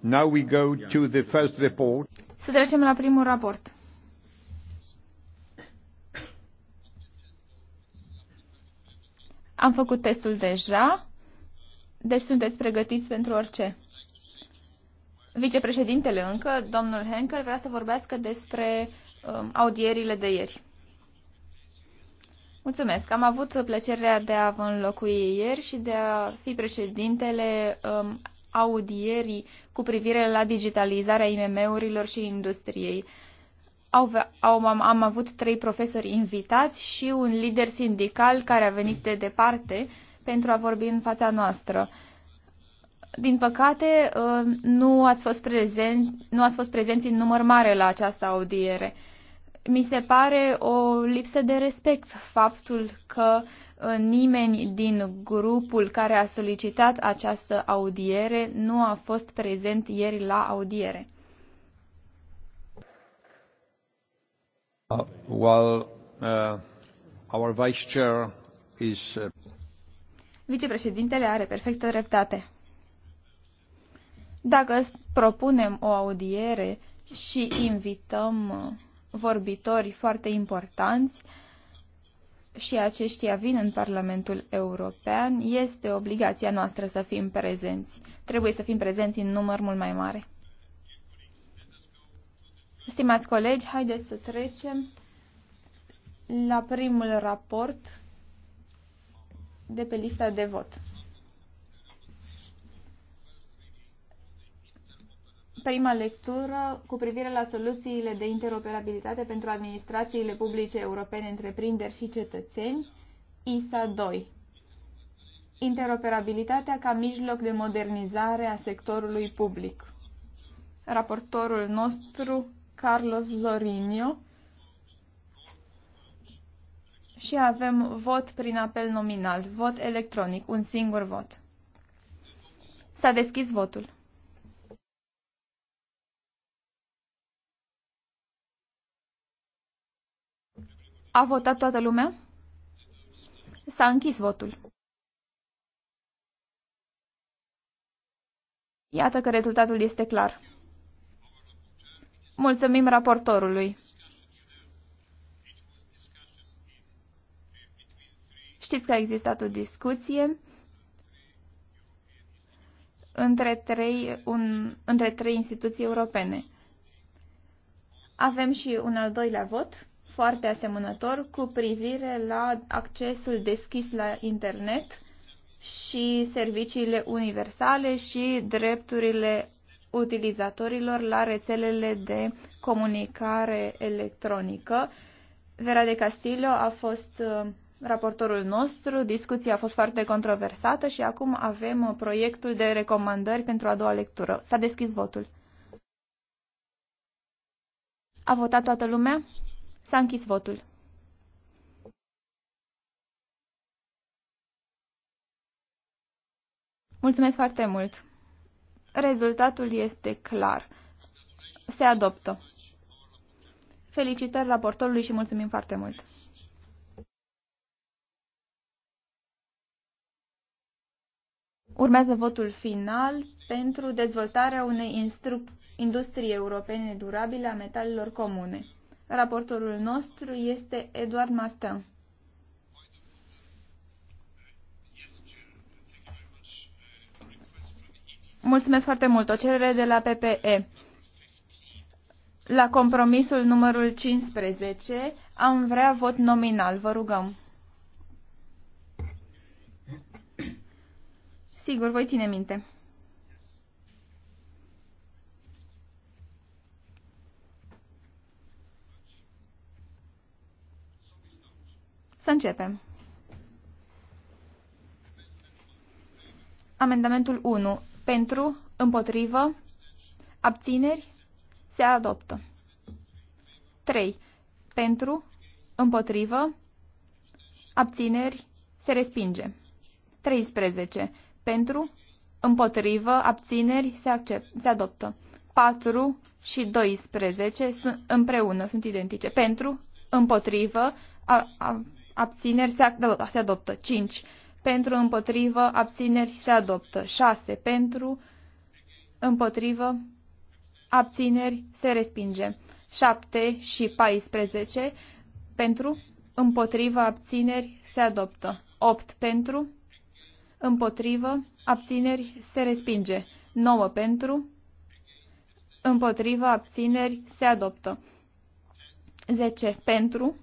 Now we go to the first report. Să trecem la primul raport. Am făcut testul deja, deci sunteți pregătiți pentru orice. Vicepreședintele încă, domnul Henkel, vrea să vorbească despre um, audierile de ieri. Mulțumesc. Am avut plăcerea de a vă înlocui ieri și de a fi președintele um, audierii cu privire la digitalizarea IMM-urilor și industriei. Uh, au, au, am, am avut trei profesori invitați și un lider sindical care a venit de departe pentru a vorbi în fața noastră. Din păcate, ă, nu ați fost prezenți, nu ați fost prezenți în număr mare la această audiere. Mi se pare o lipsă de respect faptul că ă, nimeni din grupul care a solicitat această audiere nu a fost prezent ieri la audiere. Uh, uh, uh, Vicepreședintele are perfectă dreptate. Dacă propunem o audiere și invităm vorbitori foarte importanți și aceștia vin în Parlamentul European, este obligația noastră să fim prezenți. Trebuie să fim prezenți în număr mult mai mare. Stimați colegi, haideți să trecem la primul raport de pe lista de vot. Prima lectură cu privire la soluțiile de interoperabilitate pentru administrațiile publice europene, întreprinderi și cetățeni, ISA 2 interoperabilitatea ca mijloc de modernizare a sectorului public. Raportorul nostru Carlos Zorinio și avem vot prin apel nominal, vot electronic, un singur vot. S-a deschis votul. A votat toată lumea? S-a închis votul. Iată că rezultatul este clar. Mulțumim raportorului. Știți că a existat o discuție între trei, un, între trei instituții europene. Avem și un al doilea vot, foarte asemănător, cu privire la accesul deschis la internet și serviciile universale și drepturile utilizatorilor la rețelele de comunicare electronică. Vera de Castillo a fost uh, raportorul nostru, discuția a fost foarte controversată și acum avem uh, proiectul de recomandări pentru a doua lectură. S-a deschis votul. A votat toată lumea? S-a închis votul. Mulțumesc foarte mult! Rezultatul este clar. Se adoptă. Felicitări raportorului și mulțumim foarte mult! Urmează votul final pentru dezvoltarea unei industrie europene durabile a metalelor comune. Raportorul nostru este Eduard Martin. Mulțumesc foarte mult. O cerere de la PPE. La compromisul numărul 15 am vrea vot nominal. Vă rugăm. Sigur, voi ține minte. Să începem. Amendamentul 1. Pentru, împotrivă, abțineri, se adoptă. 3. Pentru, împotrivă, abțineri, se respinge. 13. Pentru, împotrivă, abțineri, se, accept, se adoptă. 4 și 12 sunt împreună, sunt identice. Pentru, împotrivă, a, a, abțineri, se, adoptă. se adoptă. 5 pentru împotrivă, abțineri se adoptă. 6 pentru împotrivă, abțineri se respinge. 7 și 14 pentru împotrivă, abțineri se adoptă. 8 pentru împotrivă, abțineri se respinge. 9 pentru împotrivă, abțineri se adoptă. 10 pentru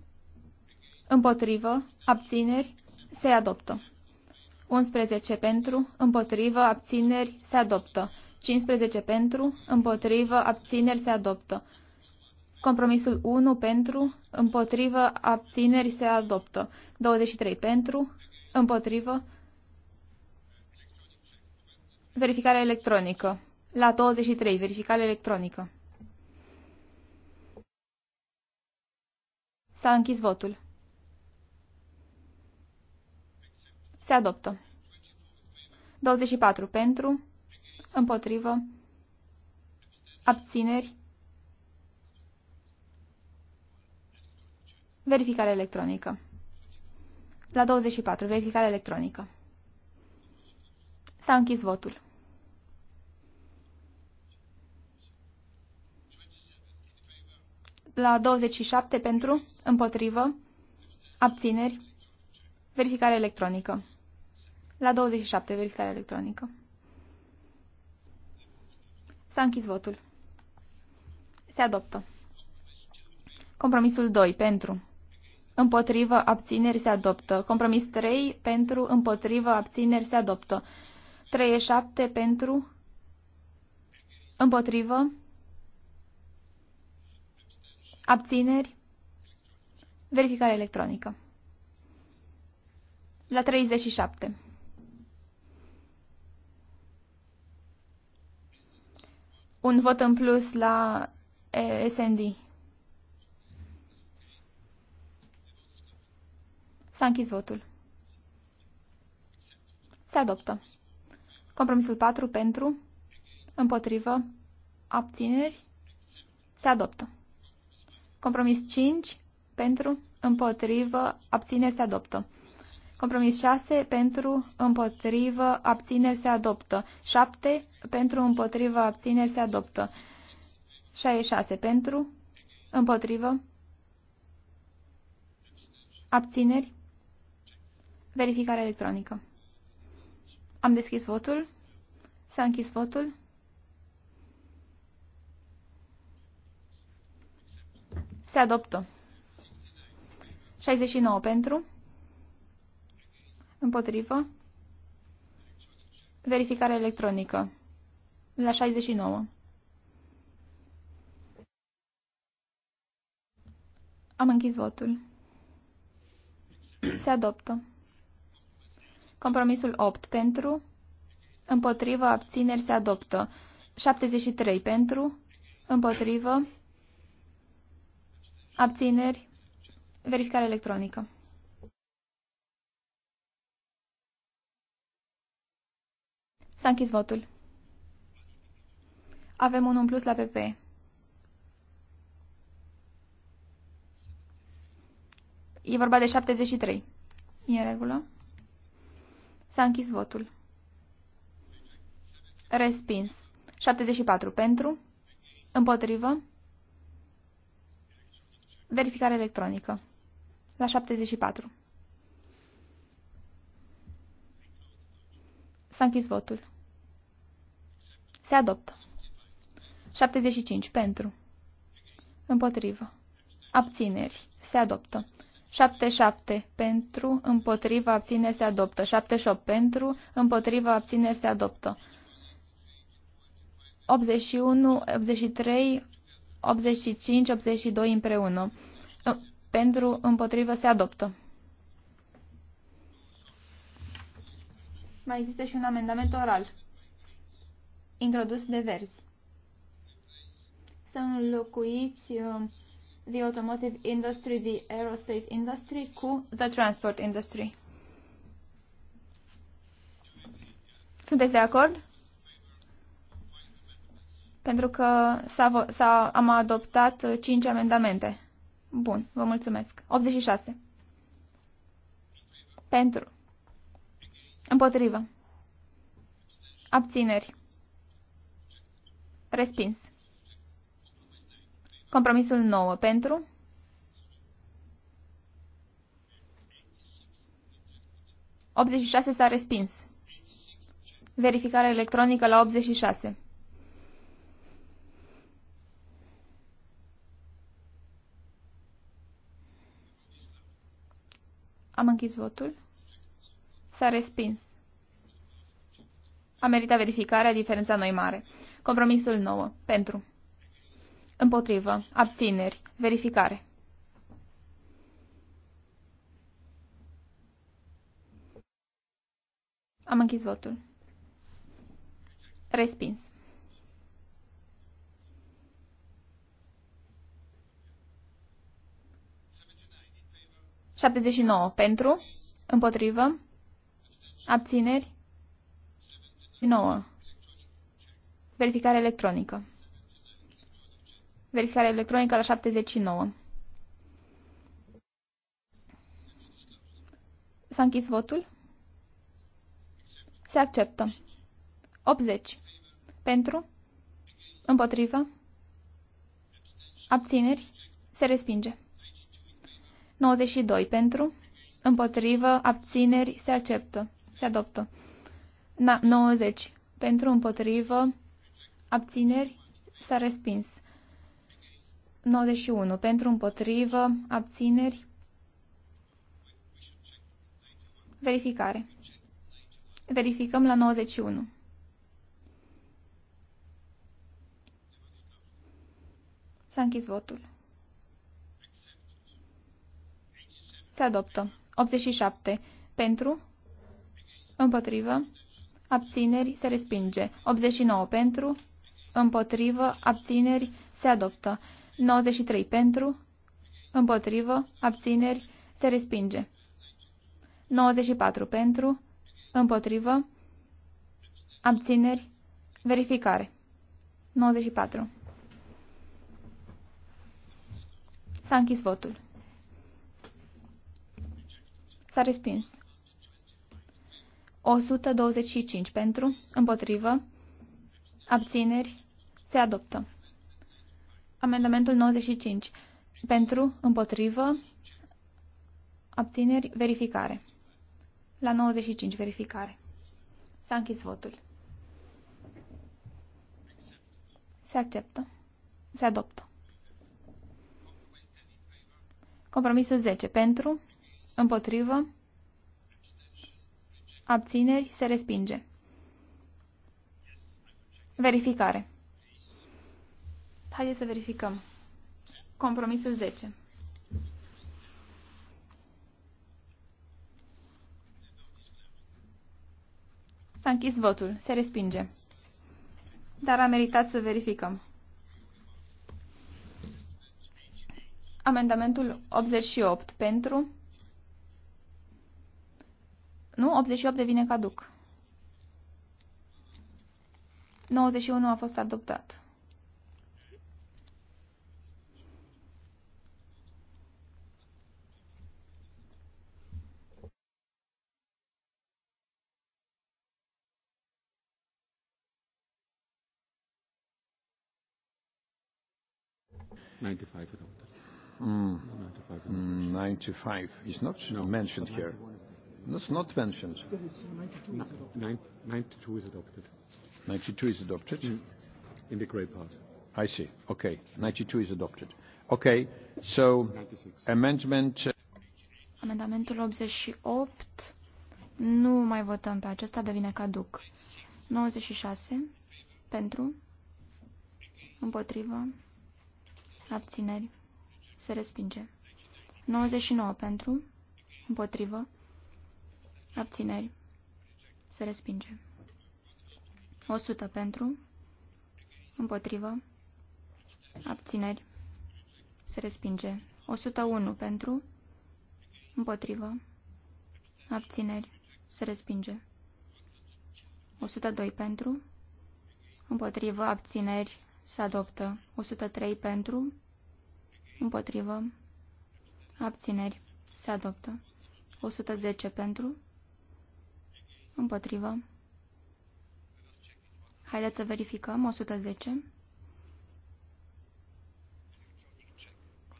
împotrivă, abțineri se adoptă. 11 pentru, împotrivă, abțineri, se adoptă. 15 pentru, împotrivă, abțineri, se adoptă. Compromisul 1 pentru, împotrivă, abțineri, se adoptă. 23 pentru, împotrivă, verificare electronică. La 23, verificare electronică. S-a închis votul. Se adoptă. 24 pentru, împotrivă, abțineri, verificare electronică. La 24, verificare electronică. S-a închis votul. 27. La 27 pentru, împotrivă, abțineri, verificare electronică. La 27, verificare electronică. S-a închis votul. Se adoptă. Compromisul 2. Pentru. Împotrivă, abțineri, se adoptă. Compromis 3. Pentru, împotrivă, abțineri, se adoptă. 7. pentru, împotrivă, abțineri, verificare electronică. La 37. un vot în plus la SND. S-a închis votul. Se adoptă. Compromisul 4 pentru, împotrivă, abțineri, se adoptă. Compromis 5 pentru, împotrivă, abțineri, se adoptă. Compromis 6 pentru, împotrivă, abțineri, se adoptă. 7 pentru împotrivă, abțineri se adoptă. 66 pentru împotrivă abțineri verificare electronică. Am deschis votul. S-a închis votul. Se adoptă. 69 pentru. Împotrivă. Verificare electronică la 69. Am închis votul. Se adoptă. Compromisul 8 pentru, împotrivă, abțineri se adoptă. 73 pentru, împotrivă, abțineri, verificare electronică. S-a închis votul. Avem unul în plus la PP. E vorba de 73. E în regulă? S-a închis votul. Respins. 74 pentru. Împotrivă. Verificare electronică. La 74. S-a închis votul. Se adoptă. 75 pentru. Împotrivă. Abțineri. Se adoptă. 77 pentru, împotriva abțineri se adoptă. 78 pentru, împotriva abțineri se adoptă. 81, 83, 85, 82 împreună. Pentru, împotrivă se adoptă. Mai există și un amendament oral introdus de verzi să înlocuiți uh, the automotive industry, the aerospace industry cu the transport industry. Sunteți de acord? Pentru că s-a, s-a, am adoptat 5 uh, amendamente. Bun, vă mulțumesc. 86. Pentru. Împotrivă. Abțineri. Respins. Compromisul 9 pentru. 86 s-a respins. Verificare electronică la 86. Am închis votul. S-a respins. A meritat verificarea, diferența noi mare. Compromisul 9. Pentru. Împotrivă. Abțineri. Verificare. Am închis votul. Respins. Șaptezeci și nouă pentru, împotrivă, abțineri, nouă. Verificare electronică. Verificare electronică la 79. S-a închis votul. Se acceptă. 80. Pentru. Împotrivă. Abțineri. Se respinge. 92. Pentru. Împotrivă. Abțineri. Se acceptă. Se adoptă. Na 90. Pentru. Împotrivă. Abțineri. S-a respins. 91. Pentru împotrivă, abțineri. Verificare. Verificăm la 91. S-a închis votul. Se adoptă. 87. Pentru. Împotrivă. Abțineri. Se respinge. 89. Pentru. Împotrivă. Abțineri. Se adoptă. 93 pentru, împotrivă, abțineri, se respinge. 94 pentru, împotrivă, abțineri, verificare. 94. S-a închis votul. S-a respins. 125 pentru, împotrivă, abțineri, se adoptă. Amendamentul 95. Pentru, împotrivă, abțineri, verificare. La 95, verificare. S-a închis votul. Se acceptă. Se adoptă. Compromisul 10. Pentru, împotrivă, abțineri, se respinge. Verificare. Haideți să verificăm. Compromisul 10. S-a închis votul. Se respinge. Dar a meritat să verificăm. Amendamentul 88 pentru... Nu, 88 devine caduc. 91 a fost adoptat. 95 adopted. Mm. 95, is not no, mentioned here. That's not mentioned. 92 is adopted. 92 is adopted. 92 is adopted? Mm. In the grey part. I see. Okay. 92 is adopted. Okay. So, 96. amendment... Uh, Amendamentul 88. Nu mai votăm pe acesta, devine caduc. 96. Pentru. Împotrivă. Abțineri. Se respinge. 99 pentru. Împotrivă. Abțineri. Se respinge. 100 pentru. Împotrivă. Abțineri. Se respinge. 101 pentru. Împotrivă. Abțineri. Se respinge. 102 pentru. Împotrivă. Abțineri. Se adoptă. 103 pentru. Împotrivă. Abțineri. Se adoptă. 110 pentru. Împotrivă. Haideți să verificăm. 110.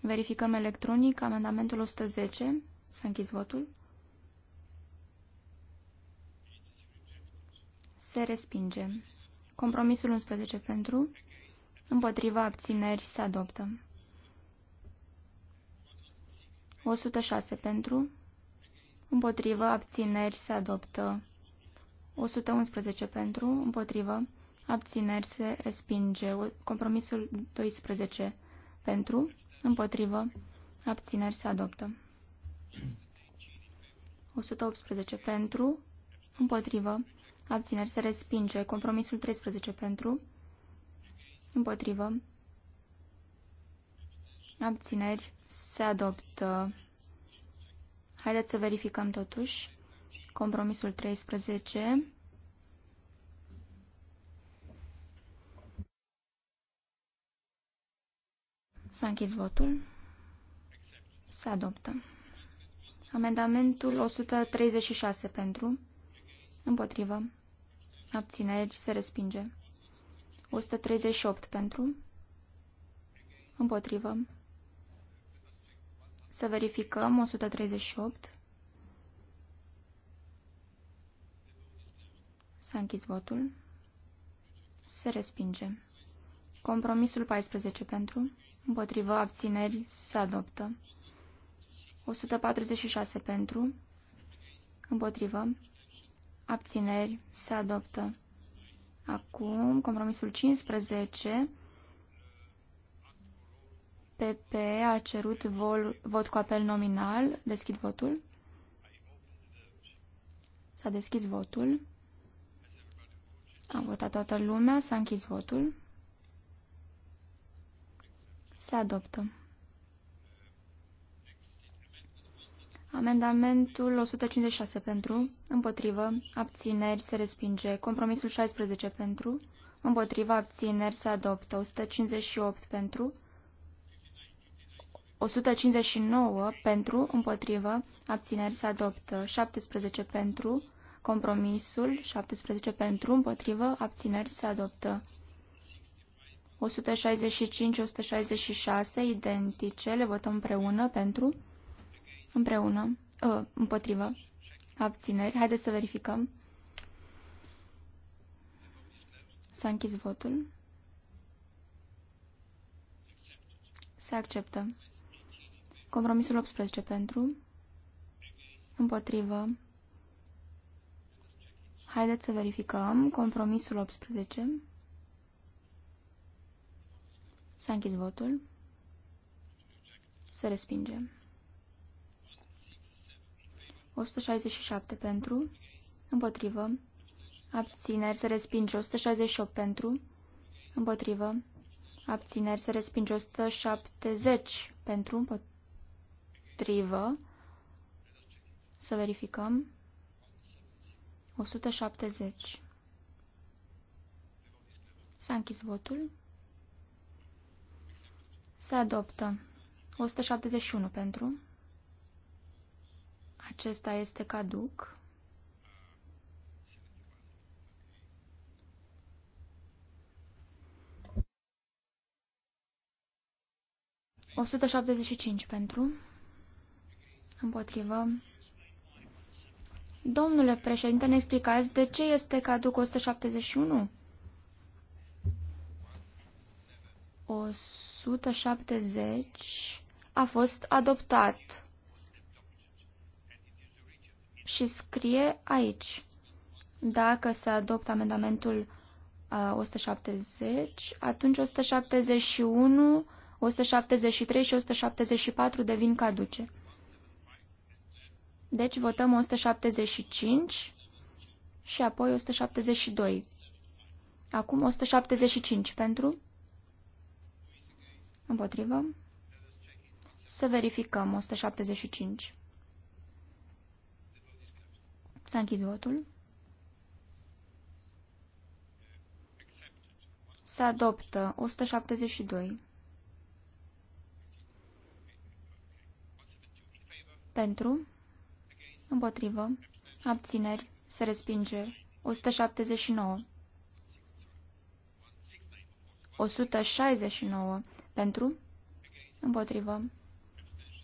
Verificăm electronic amendamentul 110. S-a închis votul. Se respinge. Compromisul 11 pentru. Împotriva abțineri se adoptă. 106 pentru. împotriva abțineri se adoptă. 111 pentru. împotriva abțineri se respinge. Compromisul 12 pentru. împotriva abțineri se adoptă. 118 pentru. împotriva abțineri se respinge. Compromisul 13 pentru. Împotrivă. Abțineri. Se adoptă. Haideți să verificăm totuși. Compromisul 13. S-a închis votul. Se adoptă. Amendamentul 136 pentru. Împotrivă. Abțineri. Se respinge. 138 pentru. Împotrivă. Să verificăm 138. S-a închis votul. Se respinge. Compromisul 14 pentru. Împotrivă abțineri se adoptă. 146 pentru. Împotrivă. Abțineri se adoptă. Acum, compromisul 15. PP a cerut vol, vot cu apel nominal. Deschid votul. S-a deschis votul. A votat toată lumea. S-a închis votul. Se adoptă. Amendamentul 156 pentru, împotrivă, abțineri, se respinge. Compromisul 16 pentru, împotrivă, abțineri, se adoptă. 158 pentru, 159 pentru, împotrivă, abțineri, se adoptă. 17 pentru, compromisul, 17 pentru, împotrivă, abțineri, se adoptă. 165-166, identice, le votăm împreună, pentru, împreună, uh, împotrivă, abțineri. Haideți să verificăm. S-a închis votul. Se acceptă. Compromisul 18 pentru. Împotrivă. Haideți să verificăm. Compromisul 18. S-a închis votul. Se respinge. 167 pentru, împotrivă, abțineri se respinge 168 pentru, împotrivă, abțineri se respinge 170 pentru, împotrivă, să verificăm, 170. S-a închis votul. Se adoptă 171 pentru, acesta este caduc. O 175 pentru. Împotrivă. Domnule președinte, ne explicați de ce este caduc 171? 170 a fost adoptat și scrie aici. Dacă se adoptă amendamentul 170, atunci 171, 173 și 174 devin caduce. Deci votăm 175 și apoi 172. Acum 175 pentru, împotrivă, să verificăm 175. S-a închis votul. Se adoptă 172. Pentru. Împotrivă. Abțineri. Se respinge 179. 169. Pentru. Împotrivă.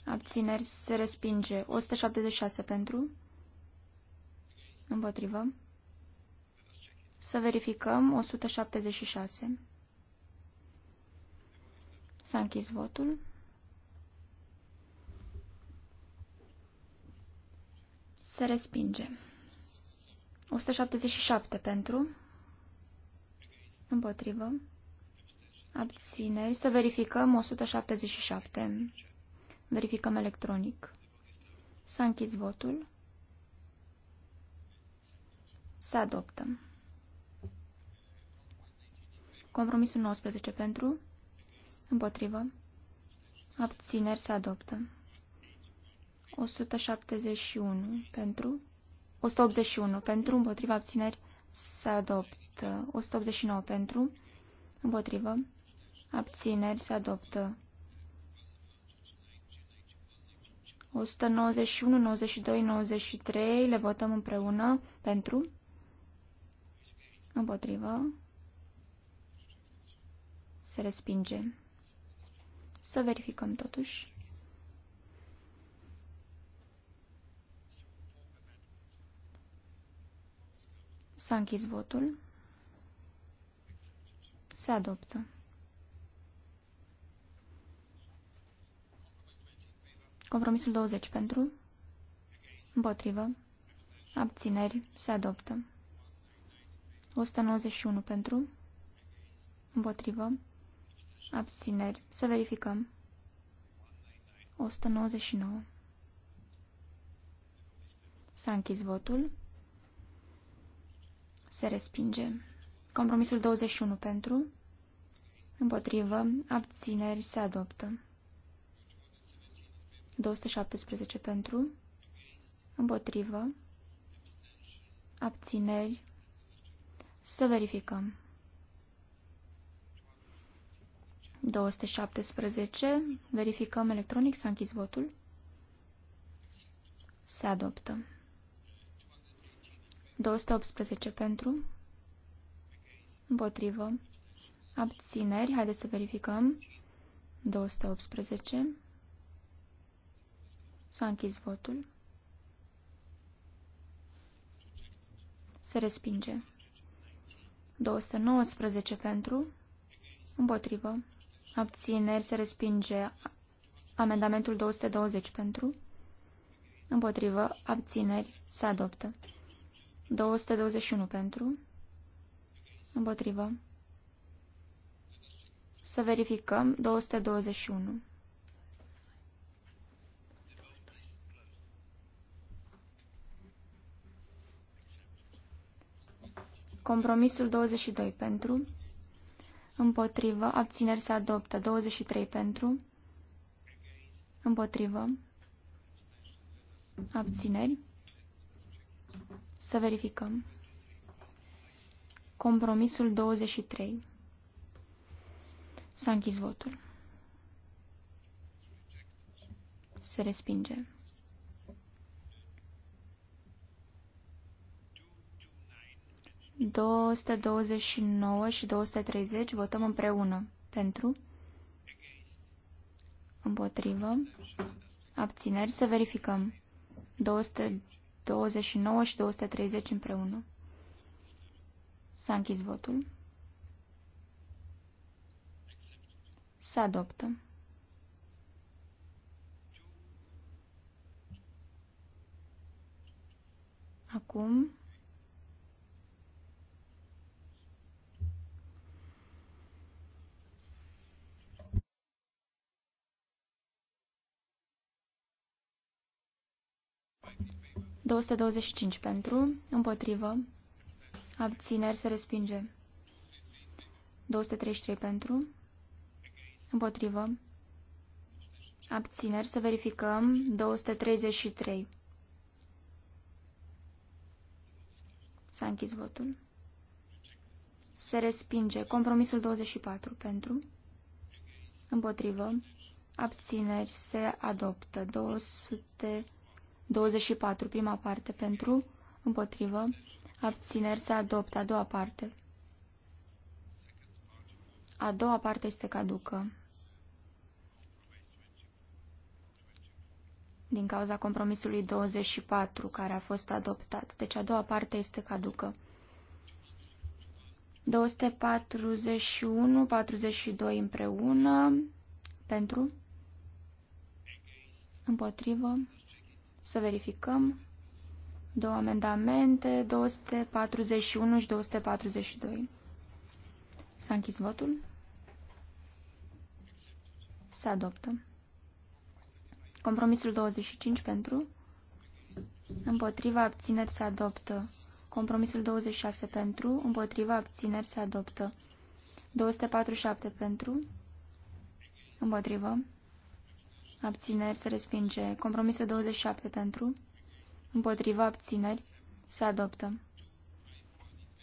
Abțineri. Se respinge 176. Pentru. Împotrivă. Să verificăm 176. S-a închis votul. Se respinge. 177 pentru. Împotrivă. Abțineri. Să verificăm 177. Verificăm electronic. S-a închis votul. Se adoptă. Compromisul 19 pentru, împotrivă, abțineri se adoptă. 171 pentru, 181 pentru, împotrivă, abțineri se adoptă. 189 pentru, împotrivă, abțineri se adoptă. 191, 92, 93 le votăm împreună pentru, împotrivă, se respinge. Să verificăm totuși. S-a închis votul. Se adoptă. Compromisul 20 pentru. Împotrivă. Abțineri. Se adoptă. 191 pentru, împotrivă, abțineri, să verificăm. 199. S-a închis votul. Se respinge. Compromisul 21 pentru, împotrivă, abțineri, se adoptă. 217 pentru, împotrivă, abțineri, să verificăm. 217. Verificăm electronic. S-a închis votul. Se adoptă. 218 pentru. Împotrivă. Abțineri. Haideți să verificăm. 218. S-a închis votul. Se respinge. 219 pentru, împotrivă, abțineri se respinge amendamentul 220 pentru, împotrivă, abțineri se adoptă. 221 pentru, împotrivă, să verificăm 221. Compromisul 22 pentru. Împotrivă. Abțineri se adoptă. 23 pentru. Împotrivă. Abțineri. Să verificăm. Compromisul 23. S-a închis votul. Se respinge. 229 și 230 votăm împreună. Pentru? Împotrivă. Abțineri să verificăm. 229 și 230 împreună. S-a închis votul. Se adoptă. Acum 225 pentru, împotrivă, abțineri se respinge. 233 pentru, împotrivă, abțineri să verificăm, 233. S-a închis votul. Se respinge. Compromisul 24 pentru, împotrivă, abțineri se adoptă, 200. 24, prima parte, pentru, împotrivă, abțineri se adoptă, a doua parte. A doua parte este caducă. Din cauza compromisului 24, care a fost adoptat. Deci a doua parte este caducă. 241, 42 împreună, pentru, împotrivă, să verificăm. Două amendamente, 241 și 242. S-a închis votul. Se adoptă. Compromisul 25 pentru. Împotriva abțineri se adoptă. Compromisul 26 pentru. Împotriva abțineri se adoptă. 247 pentru. Împotrivă abțineri, se respinge. Compromisul 27 pentru, împotriva, abțineri, se adoptă.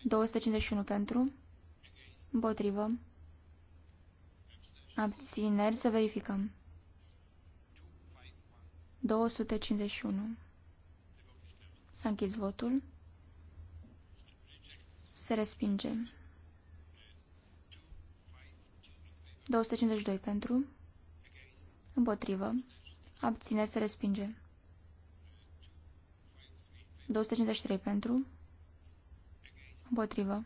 251 pentru, împotrivă, abțineri, să verificăm. 251. S-a închis votul. Se respinge. 252 pentru. Împotrivă. Abține se respinge. 253 pentru. Împotrivă.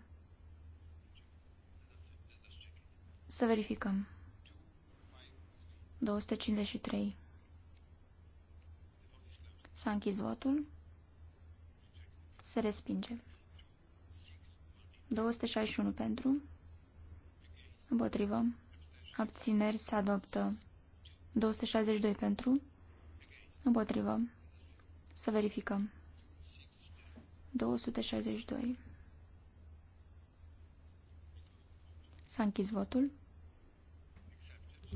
Să verificăm. 253. S-a închis votul. Se respinge. 261 pentru. Împotrivă. Abțineri se adoptă. 262 pentru. Împotrivă. Să verificăm. 262. S-a închis votul.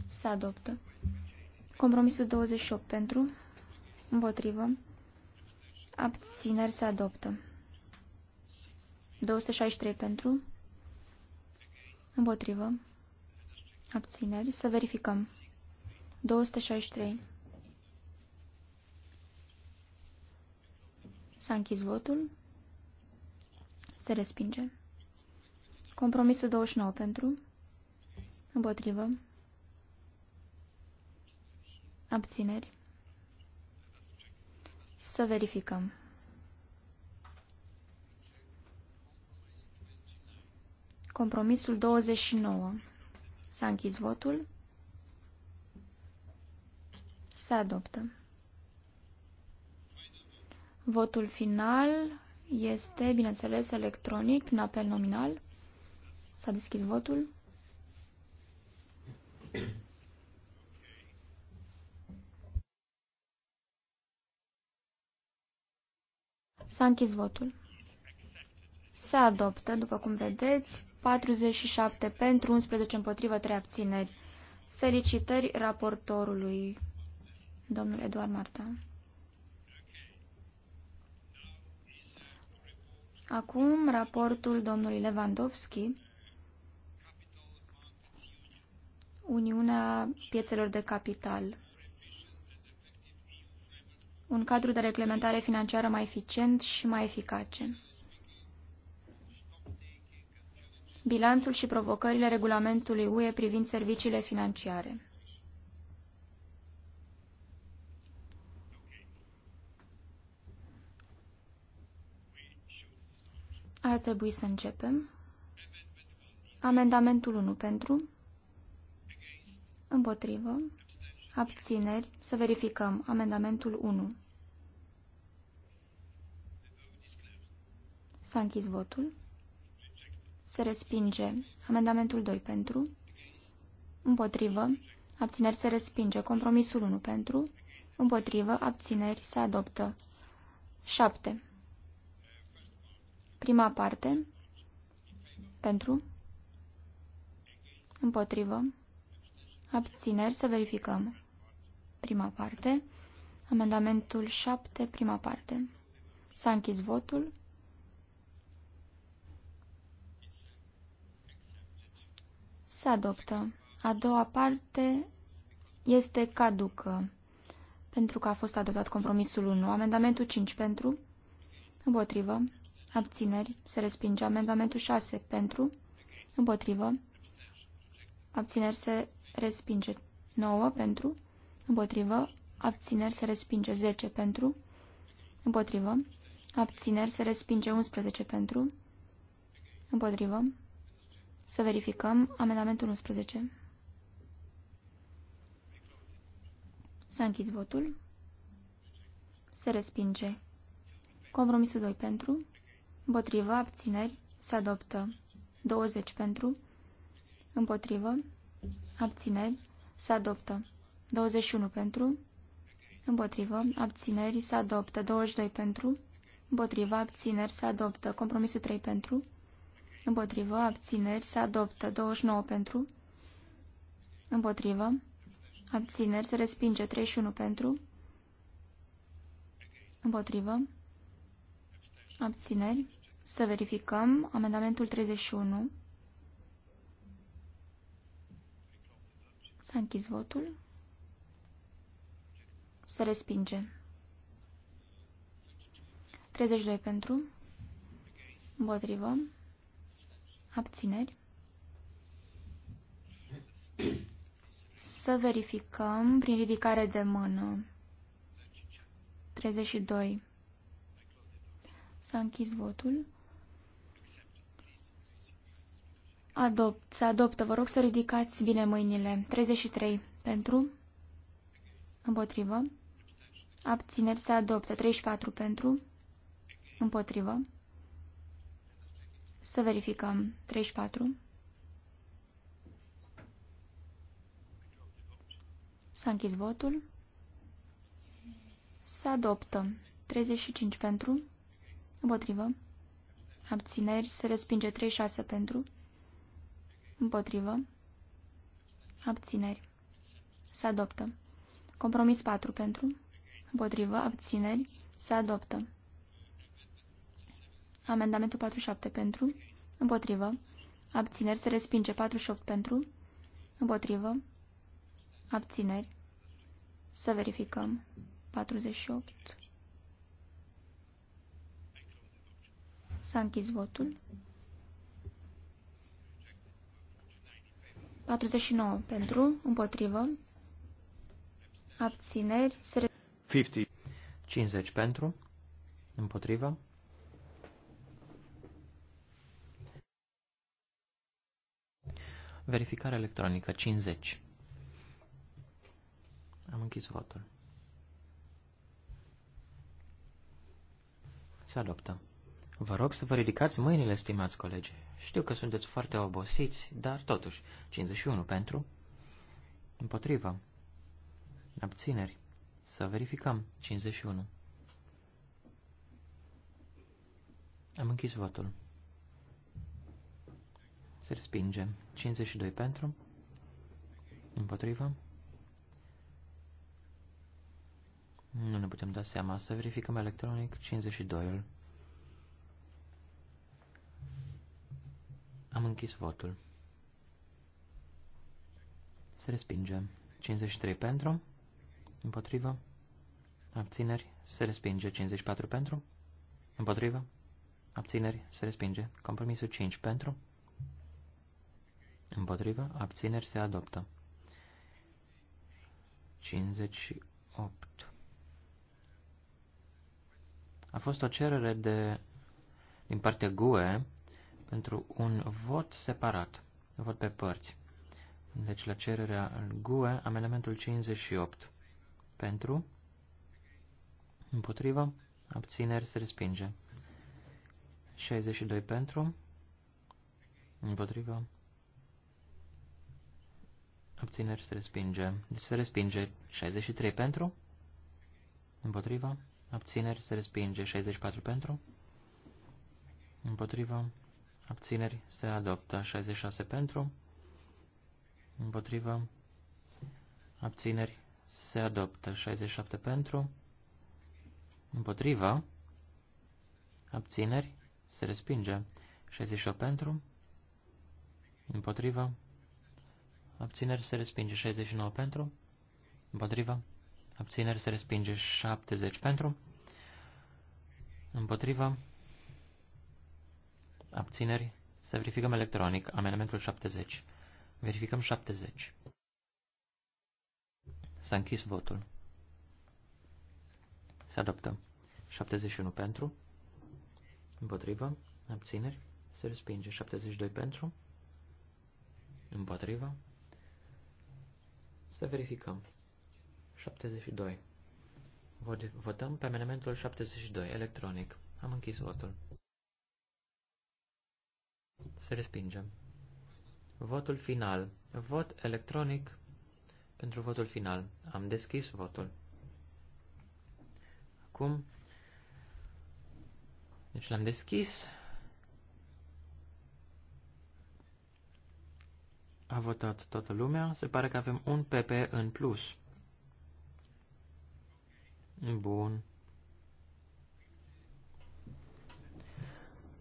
Se adoptă. Compromisul 28 pentru. Împotrivă. Abțineri se adoptă. 263 pentru. Împotrivă. Abțineri. Să verificăm. 263. S-a închis votul. Se respinge. Compromisul 29 pentru. Împotrivă. Abțineri. Să verificăm. Compromisul 29. S-a închis votul. Se adoptă. Votul final este, bineînțeles, electronic, în apel nominal. S-a deschis votul. S-a închis votul. Se adoptă, după cum vedeți, 47 pentru, 11 împotrivă, 3 abțineri. Felicitări raportorului domnul Eduard Marta. Acum, raportul domnului Lewandowski, Uniunea Piețelor de Capital. Un cadru de reglementare financiară mai eficient și mai eficace. Bilanțul și provocările regulamentului UE privind serviciile financiare. Ar trebui să începem. Amendamentul 1 pentru. Împotrivă. Abțineri. Să verificăm. Amendamentul 1. S-a închis votul. Se respinge. Amendamentul 2 pentru. Împotrivă. Abțineri se respinge. Compromisul 1 pentru. Împotrivă. Abțineri se adoptă. 7. Prima parte. Pentru. Împotrivă. Abțineri. Să verificăm. Prima parte. Amendamentul 7. Prima parte. S-a închis votul. Se adoptă. A doua parte este caducă, pentru că a fost adoptat compromisul 1. Amendamentul 5 pentru, împotrivă, Abțineri. Se respinge. Amendamentul 6. Pentru. Împotrivă. Abțineri. Se respinge. 9. Pentru. Împotrivă. Abțineri. Se respinge. 10. Pentru. Împotrivă. Abțineri. Se respinge. 11. Pentru. Împotrivă. Să verificăm amendamentul 11. S-a închis votul. Se respinge. Compromisul 2 pentru împotrivă, abțineri, se adoptă. 20 pentru, împotrivă, abțineri, se adoptă. 21 pentru, împotrivă, abțineri, se adoptă. 22 pentru, împotrivă, abțineri, se adoptă. Compromisul 3 pentru, împotrivă, abțineri, se adoptă. 29 pentru, împotrivă, abțineri, se respinge. 31 pentru, împotrivă, abțineri, să verificăm amendamentul 31. S-a închis votul. Se respinge. 32 pentru. Împotrivă. Abțineri. Să verificăm prin ridicare de mână. 32. S-a închis votul. Adopt. Se adoptă. Vă rog să ridicați bine mâinile. 33. Pentru. Împotrivă. Abțineri. Se adoptă. 34. Pentru. Împotrivă. Să verificăm. 34. S-a închis votul. Se adoptă. 35 pentru. Împotrivă. Abțineri. Se respinge. 36 pentru. Împotrivă. Abțineri. Se adoptă. Compromis 4 pentru. Împotrivă. Abțineri. Se adoptă. Amendamentul 47 pentru. Împotrivă. Abțineri. Se respinge. 48 pentru. Împotrivă. Abțineri. Să verificăm. 48. S-a închis votul. 49 pentru, împotrivă, abțineri, se 50. 50 pentru, împotrivă. Verificare electronică, 50. Am închis votul. Se adoptă. Vă rog să vă ridicați mâinile, stimați colegi. Știu că sunteți foarte obosiți, dar totuși, 51 pentru, împotrivă, abțineri, să verificăm, 51. Am închis votul. Se respinge, 52 pentru, împotrivă, nu ne putem da seama, să verificăm electronic 52-ul. Am închis votul. Se respinge. 53 pentru. Împotrivă. Abțineri. Se respinge. 54 pentru. Împotrivă. Abțineri. Se respinge. Compromisul 5 pentru. Împotrivă. Abțineri. Se adoptă. 58. A fost o cerere de, din partea GUE pentru un vot separat, vot pe părți. Deci la cererea GUE, amendamentul 58. Pentru, împotriva, abțineri se respinge. 62 pentru, împotriva, abțineri se respinge. Deci se respinge 63 pentru, împotriva, abțineri se respinge 64 pentru, împotriva, abțineri, se adoptă. 66 pentru, împotrivă, abțineri, se adoptă. 67 pentru, împotrivă, abțineri, se respinge. 68 pentru, împotrivă, abțineri, se respinge. 69 pentru, împotrivă, abțineri, se respinge. 70 pentru, împotrivă, Abțineri? Să verificăm electronic. Amendamentul 70. Verificăm 70. S-a închis votul. Se adoptă. 71 pentru. Împotrivă. Abțineri. Se respinge. 72 pentru. Împotrivă. Să verificăm. 72. Votăm pe amendamentul 72, electronic. Am închis votul. Se respingem. Votul final. Vot electronic pentru votul final. Am deschis votul. Acum. Deci l-am deschis. A votat toată lumea. Se pare că avem un PP în plus. Bun.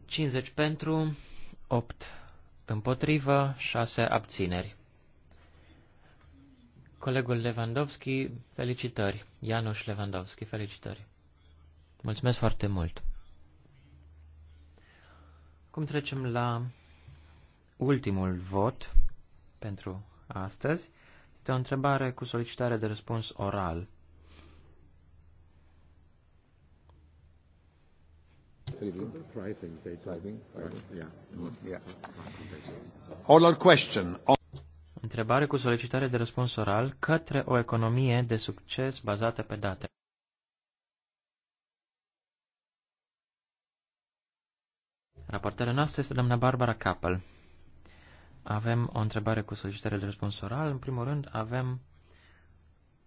50 pentru, 8 împotrivă, 6 abțineri. Colegul Lewandowski, felicitări. Janusz Lewandowski, felicitări. Mulțumesc foarte mult. Cum trecem la ultimul vot pentru astăzi. Este o întrebare cu solicitare de răspuns oral. Thriving. Thriving. Thriving. Yeah. question. Întrebare cu solicitare de răspuns oral către o economie de succes bazată pe date. Raportarea noastră este doamna Barbara Capel. Avem o întrebare cu solicitare de răspuns oral. În primul rând, avem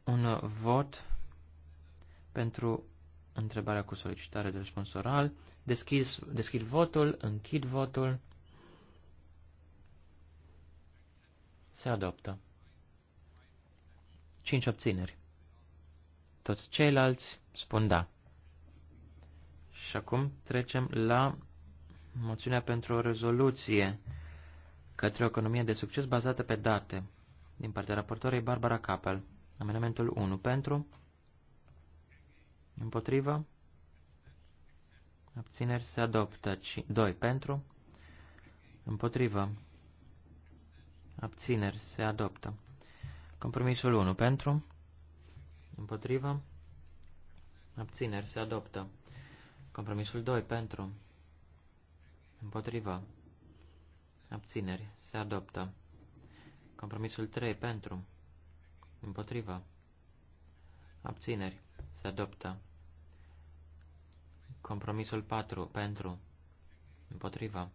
un vot pentru Întrebarea cu solicitare de răspuns oral. Deschis, deschid votul, închid votul. Se adoptă. 5 obțineri. Toți ceilalți spun da. Și acum trecem la moțiunea pentru o rezoluție către o economie de succes bazată pe date, din partea raportoarei Barbara Capel. Amendamentul 1 pentru, Împotrivă. Abțineri se adoptă. 2 pentru. Împotrivă. Abțineri se adoptă. Compromisul 1 pentru. Împotrivă. Abțineri se adoptă. Compromisul 2 pentru. Împotrivă. Abțineri se adoptă. Compromisul 3 pentru. Împotrivă. Abțineri se adoptă. Compromisul 4. Pentru. Împotriva.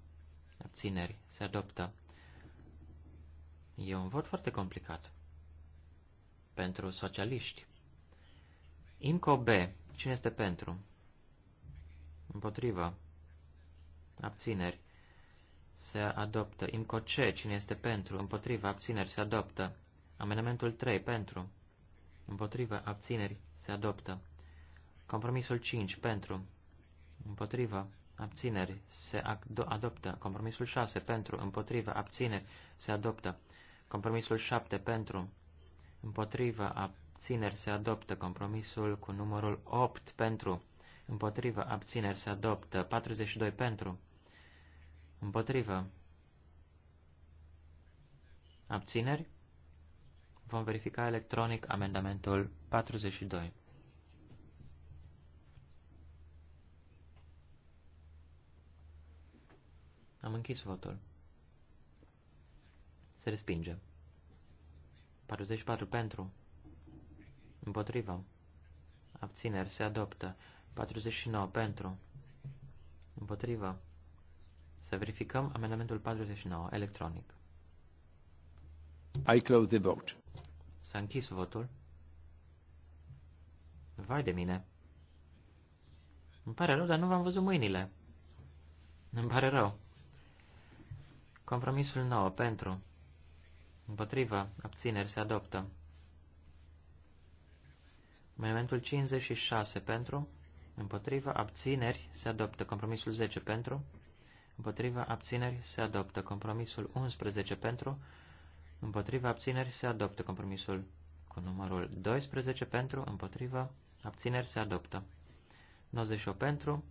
Abțineri. Se adoptă. E un vot foarte complicat. Pentru socialiști. IMCO B. Cine este pentru? Împotriva. Abțineri. Se adoptă. IMCO C. Cine este pentru? Împotriva. Abțineri. Se adoptă. Amendamentul 3. Pentru. Împotriva. Abțineri. Se adoptă. Compromisul 5. Pentru împotrivă, abțineri, se adoptă. Compromisul 6, pentru, împotrivă, abțineri, se adoptă. Compromisul 7, pentru, împotrivă, abțineri, se adoptă. Compromisul cu numărul 8, pentru, împotrivă, abțineri, se adoptă. 42, pentru, împotrivă, abțineri. Vom verifica electronic amendamentul 42. Am închis votul. Se respinge. 44 pentru. Împotrivă. Abțineri. Se adoptă. 49 pentru. Împotrivă. Să verificăm amendamentul 49, electronic. I close the vote. S-a închis votul. Vai de mine. Îmi pare rău, dar nu v-am văzut mâinile. Îmi pare rău. Compromisul nou Pentru. Împotriva. Abțineri. Se adoptă. Amendamentul 56. Pentru. Împotriva. Abțineri. Se adoptă. Compromisul 10. Pentru. Împotriva. Abțineri. Se adoptă. Compromisul 11. Pentru. Împotriva. Abțineri. Se adoptă. Compromisul cu numărul 12. Pentru. Împotriva. Abțineri. Se adoptă. 98. Pentru.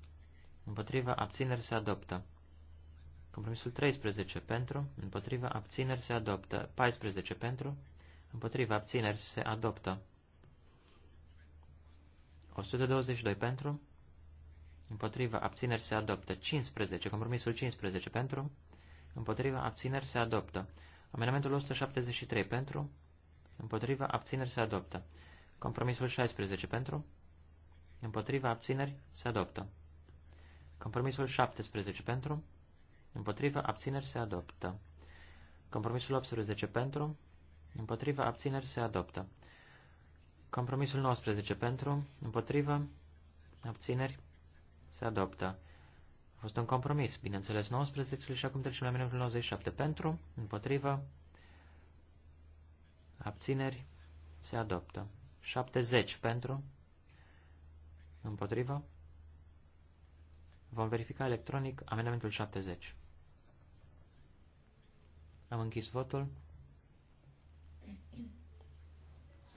Împotriva. Abțineri. Se adoptă. Compromisul 13 pentru, împotriva abțineri se adoptă. 14 pentru, împotriva abțineri se adoptă. 122 pentru, împotriva abțineri se adoptă. 15, compromisul 15 pentru, împotriva abțineri se adoptă. Amendamentul 173 pentru, împotriva abțineri se adoptă. Compromisul 16 pentru, împotriva abțineri se adoptă. Compromisul 17 pentru, Împotrivă abțineri se adoptă. Compromisul 18 pentru. Împotrivă abțineri se adoptă. Compromisul 19 pentru. Împotrivă abțineri se adoptă. A fost un compromis, bineînțeles 19 și acum trecem la minutul 97 pentru. Împotrivă abțineri se adoptă. 70 pentru. Împotrivă. Vom verifica electronic amendamentul 70. Am închis votul.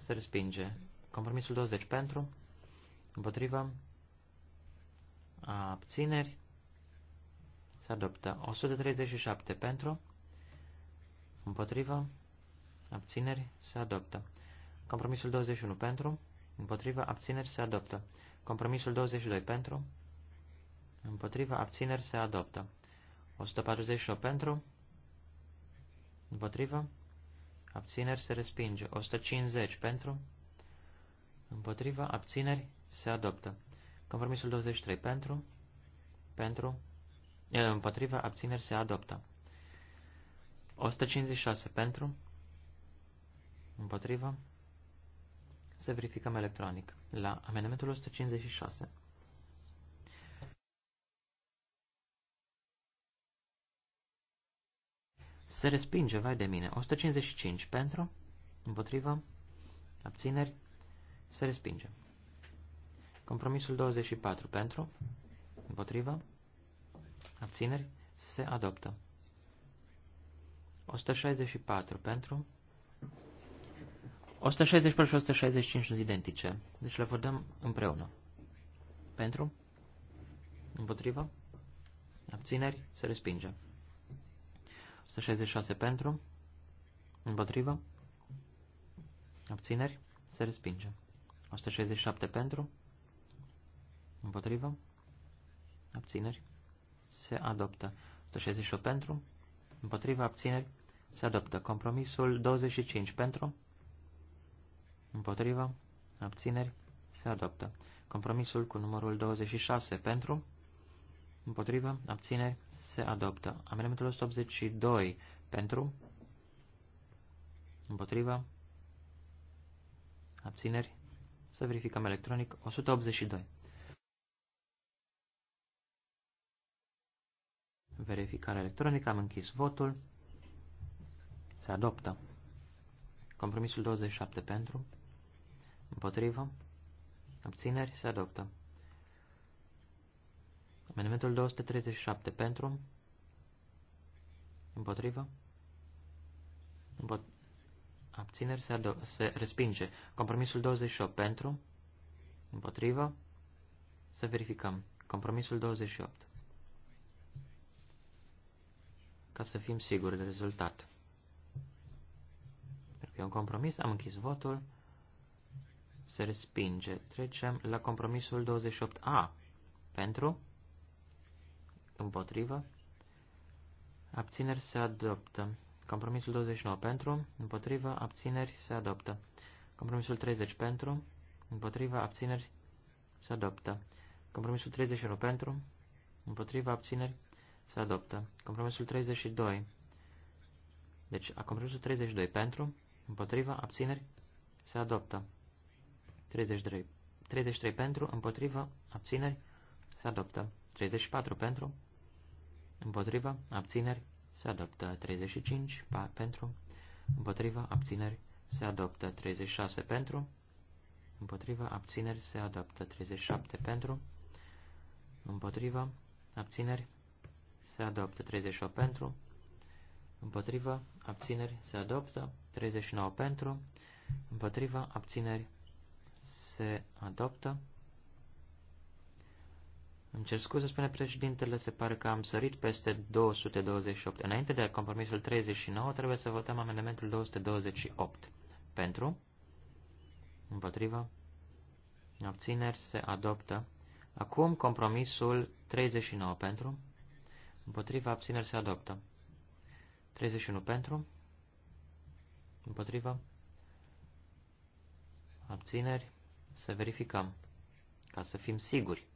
Se respinge. Compromisul 20 pentru, împotriva, abțineri, se adoptă. 137 pentru, împotriva, abțineri, se adoptă. Compromisul 21 pentru, împotriva, abțineri, se adoptă. Compromisul 22 pentru, împotriva, abțineri, se adoptă. 148 pentru, Împotrivă. Abțineri se respinge. 150 pentru. Împotrivă. Abțineri se adoptă. Compromisul 23 pentru. Pentru. Împotrivă. Abțineri se adoptă. 156 pentru. Împotrivă. Să verificăm electronic. La amendamentul 156. Se respinge, vai de mine. 155 pentru, împotriva, abțineri, se respinge. Compromisul 24 pentru, împotriva, abțineri, se adoptă. 164 pentru, 164 și 165 sunt identice, deci le votăm împreună. Pentru, împotriva, abțineri, se respinge. 166 pentru, împotrivă, abțineri, se respinge. 167 pentru, împotrivă, abțineri, se adoptă. 168 pentru, împotrivă, abțineri, se adoptă. Compromisul 25 pentru, împotrivă, abțineri, se adoptă. Compromisul cu numărul 26 pentru, împotrivă, abțineri, se adoptă. Amendamentul 182 pentru, împotriva, abțineri, să verificăm electronic, 182. Verificare electronică, am închis votul, se adoptă. Compromisul 27 pentru, împotriva, abțineri, se adoptă. Amendamentul 237 pentru, împotrivă, împot abțineri se, se respinge. Compromisul 28 pentru, împotrivă, să verificăm. Compromisul 28. Ca să fim siguri de rezultat. Pentru că e un compromis, am închis votul, se respinge. Trecem la compromisul 28A. Pentru, împotrivă, abțineri se adoptă. Compromisul 29 pentru, împotrivă, abțineri se adoptă. Compromisul 30 pentru, împotrivă, abțineri se adoptă. Compromisul 31 pentru, împotrivă, abțineri se adoptă. Compromisul 32. Deci, a compromisul 32 pentru, Împotrivă. abțineri, se adoptă. 33, 33 pentru, Împotrivă. abțineri, se adoptă. 34 pentru, împotriva, abțineri, se adoptă 35 pa, pentru. împotriva, abțineri, se adoptă 36 pentru. împotriva, abțineri, se adoptă 37 pentru. împotriva, abțineri, se adoptă 38 pentru. împotriva, abțineri, se adoptă 39 pentru. împotriva, abțineri, se adoptă îmi cer scuze, spune președintele, se pare că am sărit peste 228. Înainte de compromisul 39, trebuie să votăm amendamentul 228. Pentru? Împotrivă? Abțineri se adoptă. Acum compromisul 39 pentru. Împotriva abțineri se adoptă. 31 pentru. Împotriva. Abțineri. Să verificăm. Ca să fim siguri.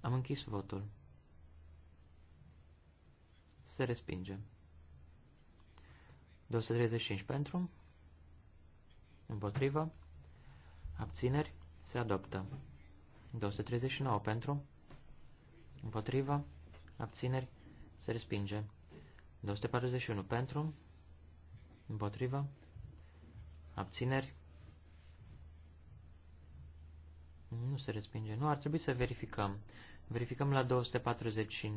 Am închis votul. Se respinge. 235 pentru. Împotrivă. Abțineri. Se adoptă. 239 pentru. Împotrivă. Abțineri. Se respinge. 241 pentru. Împotrivă. Abțineri. Nu se respinge. Nu, ar trebui să verificăm. Verificăm la 240,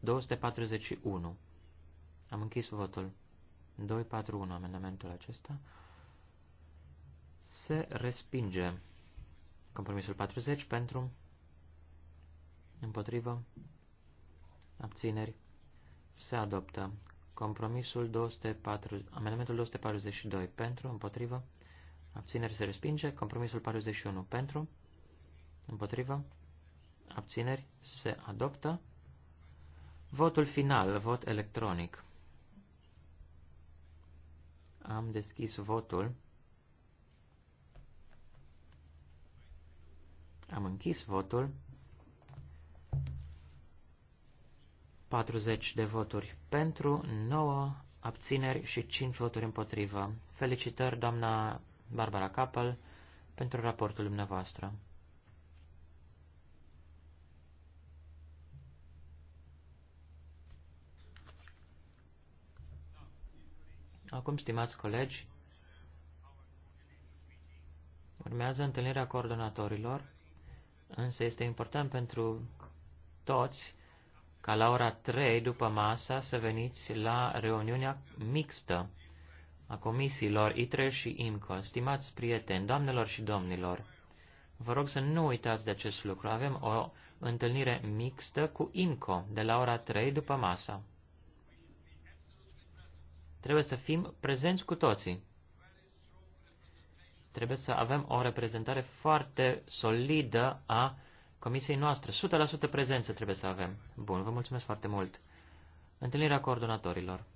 241. Am închis votul. 241 amendamentul acesta. Se respinge. Compromisul 40 pentru, împotrivă, abțineri. Se adoptă. Compromisul 240. amendamentul 242 pentru, împotrivă, Abțineri se respinge. Compromisul 41 pentru. Împotrivă. Abțineri se adoptă. Votul final, vot electronic. Am deschis votul. Am închis votul. 40 de voturi pentru, 9 abțineri și 5 voturi împotrivă. Felicitări, doamna Barbara Capel, pentru raportul dumneavoastră. Acum, stimați colegi, urmează întâlnirea coordonatorilor, însă este important pentru toți ca la ora 3 după masa să veniți la reuniunea mixtă a comisiilor ITRE și IMCO. Stimați prieteni, doamnelor și domnilor, vă rog să nu uitați de acest lucru. Avem o întâlnire mixtă cu IMCO de la ora 3 după masa. Trebuie să fim prezenți cu toții. Trebuie să avem o reprezentare foarte solidă a comisiei noastre. 100% prezență trebuie să avem. Bun, vă mulțumesc foarte mult. Întâlnirea coordonatorilor.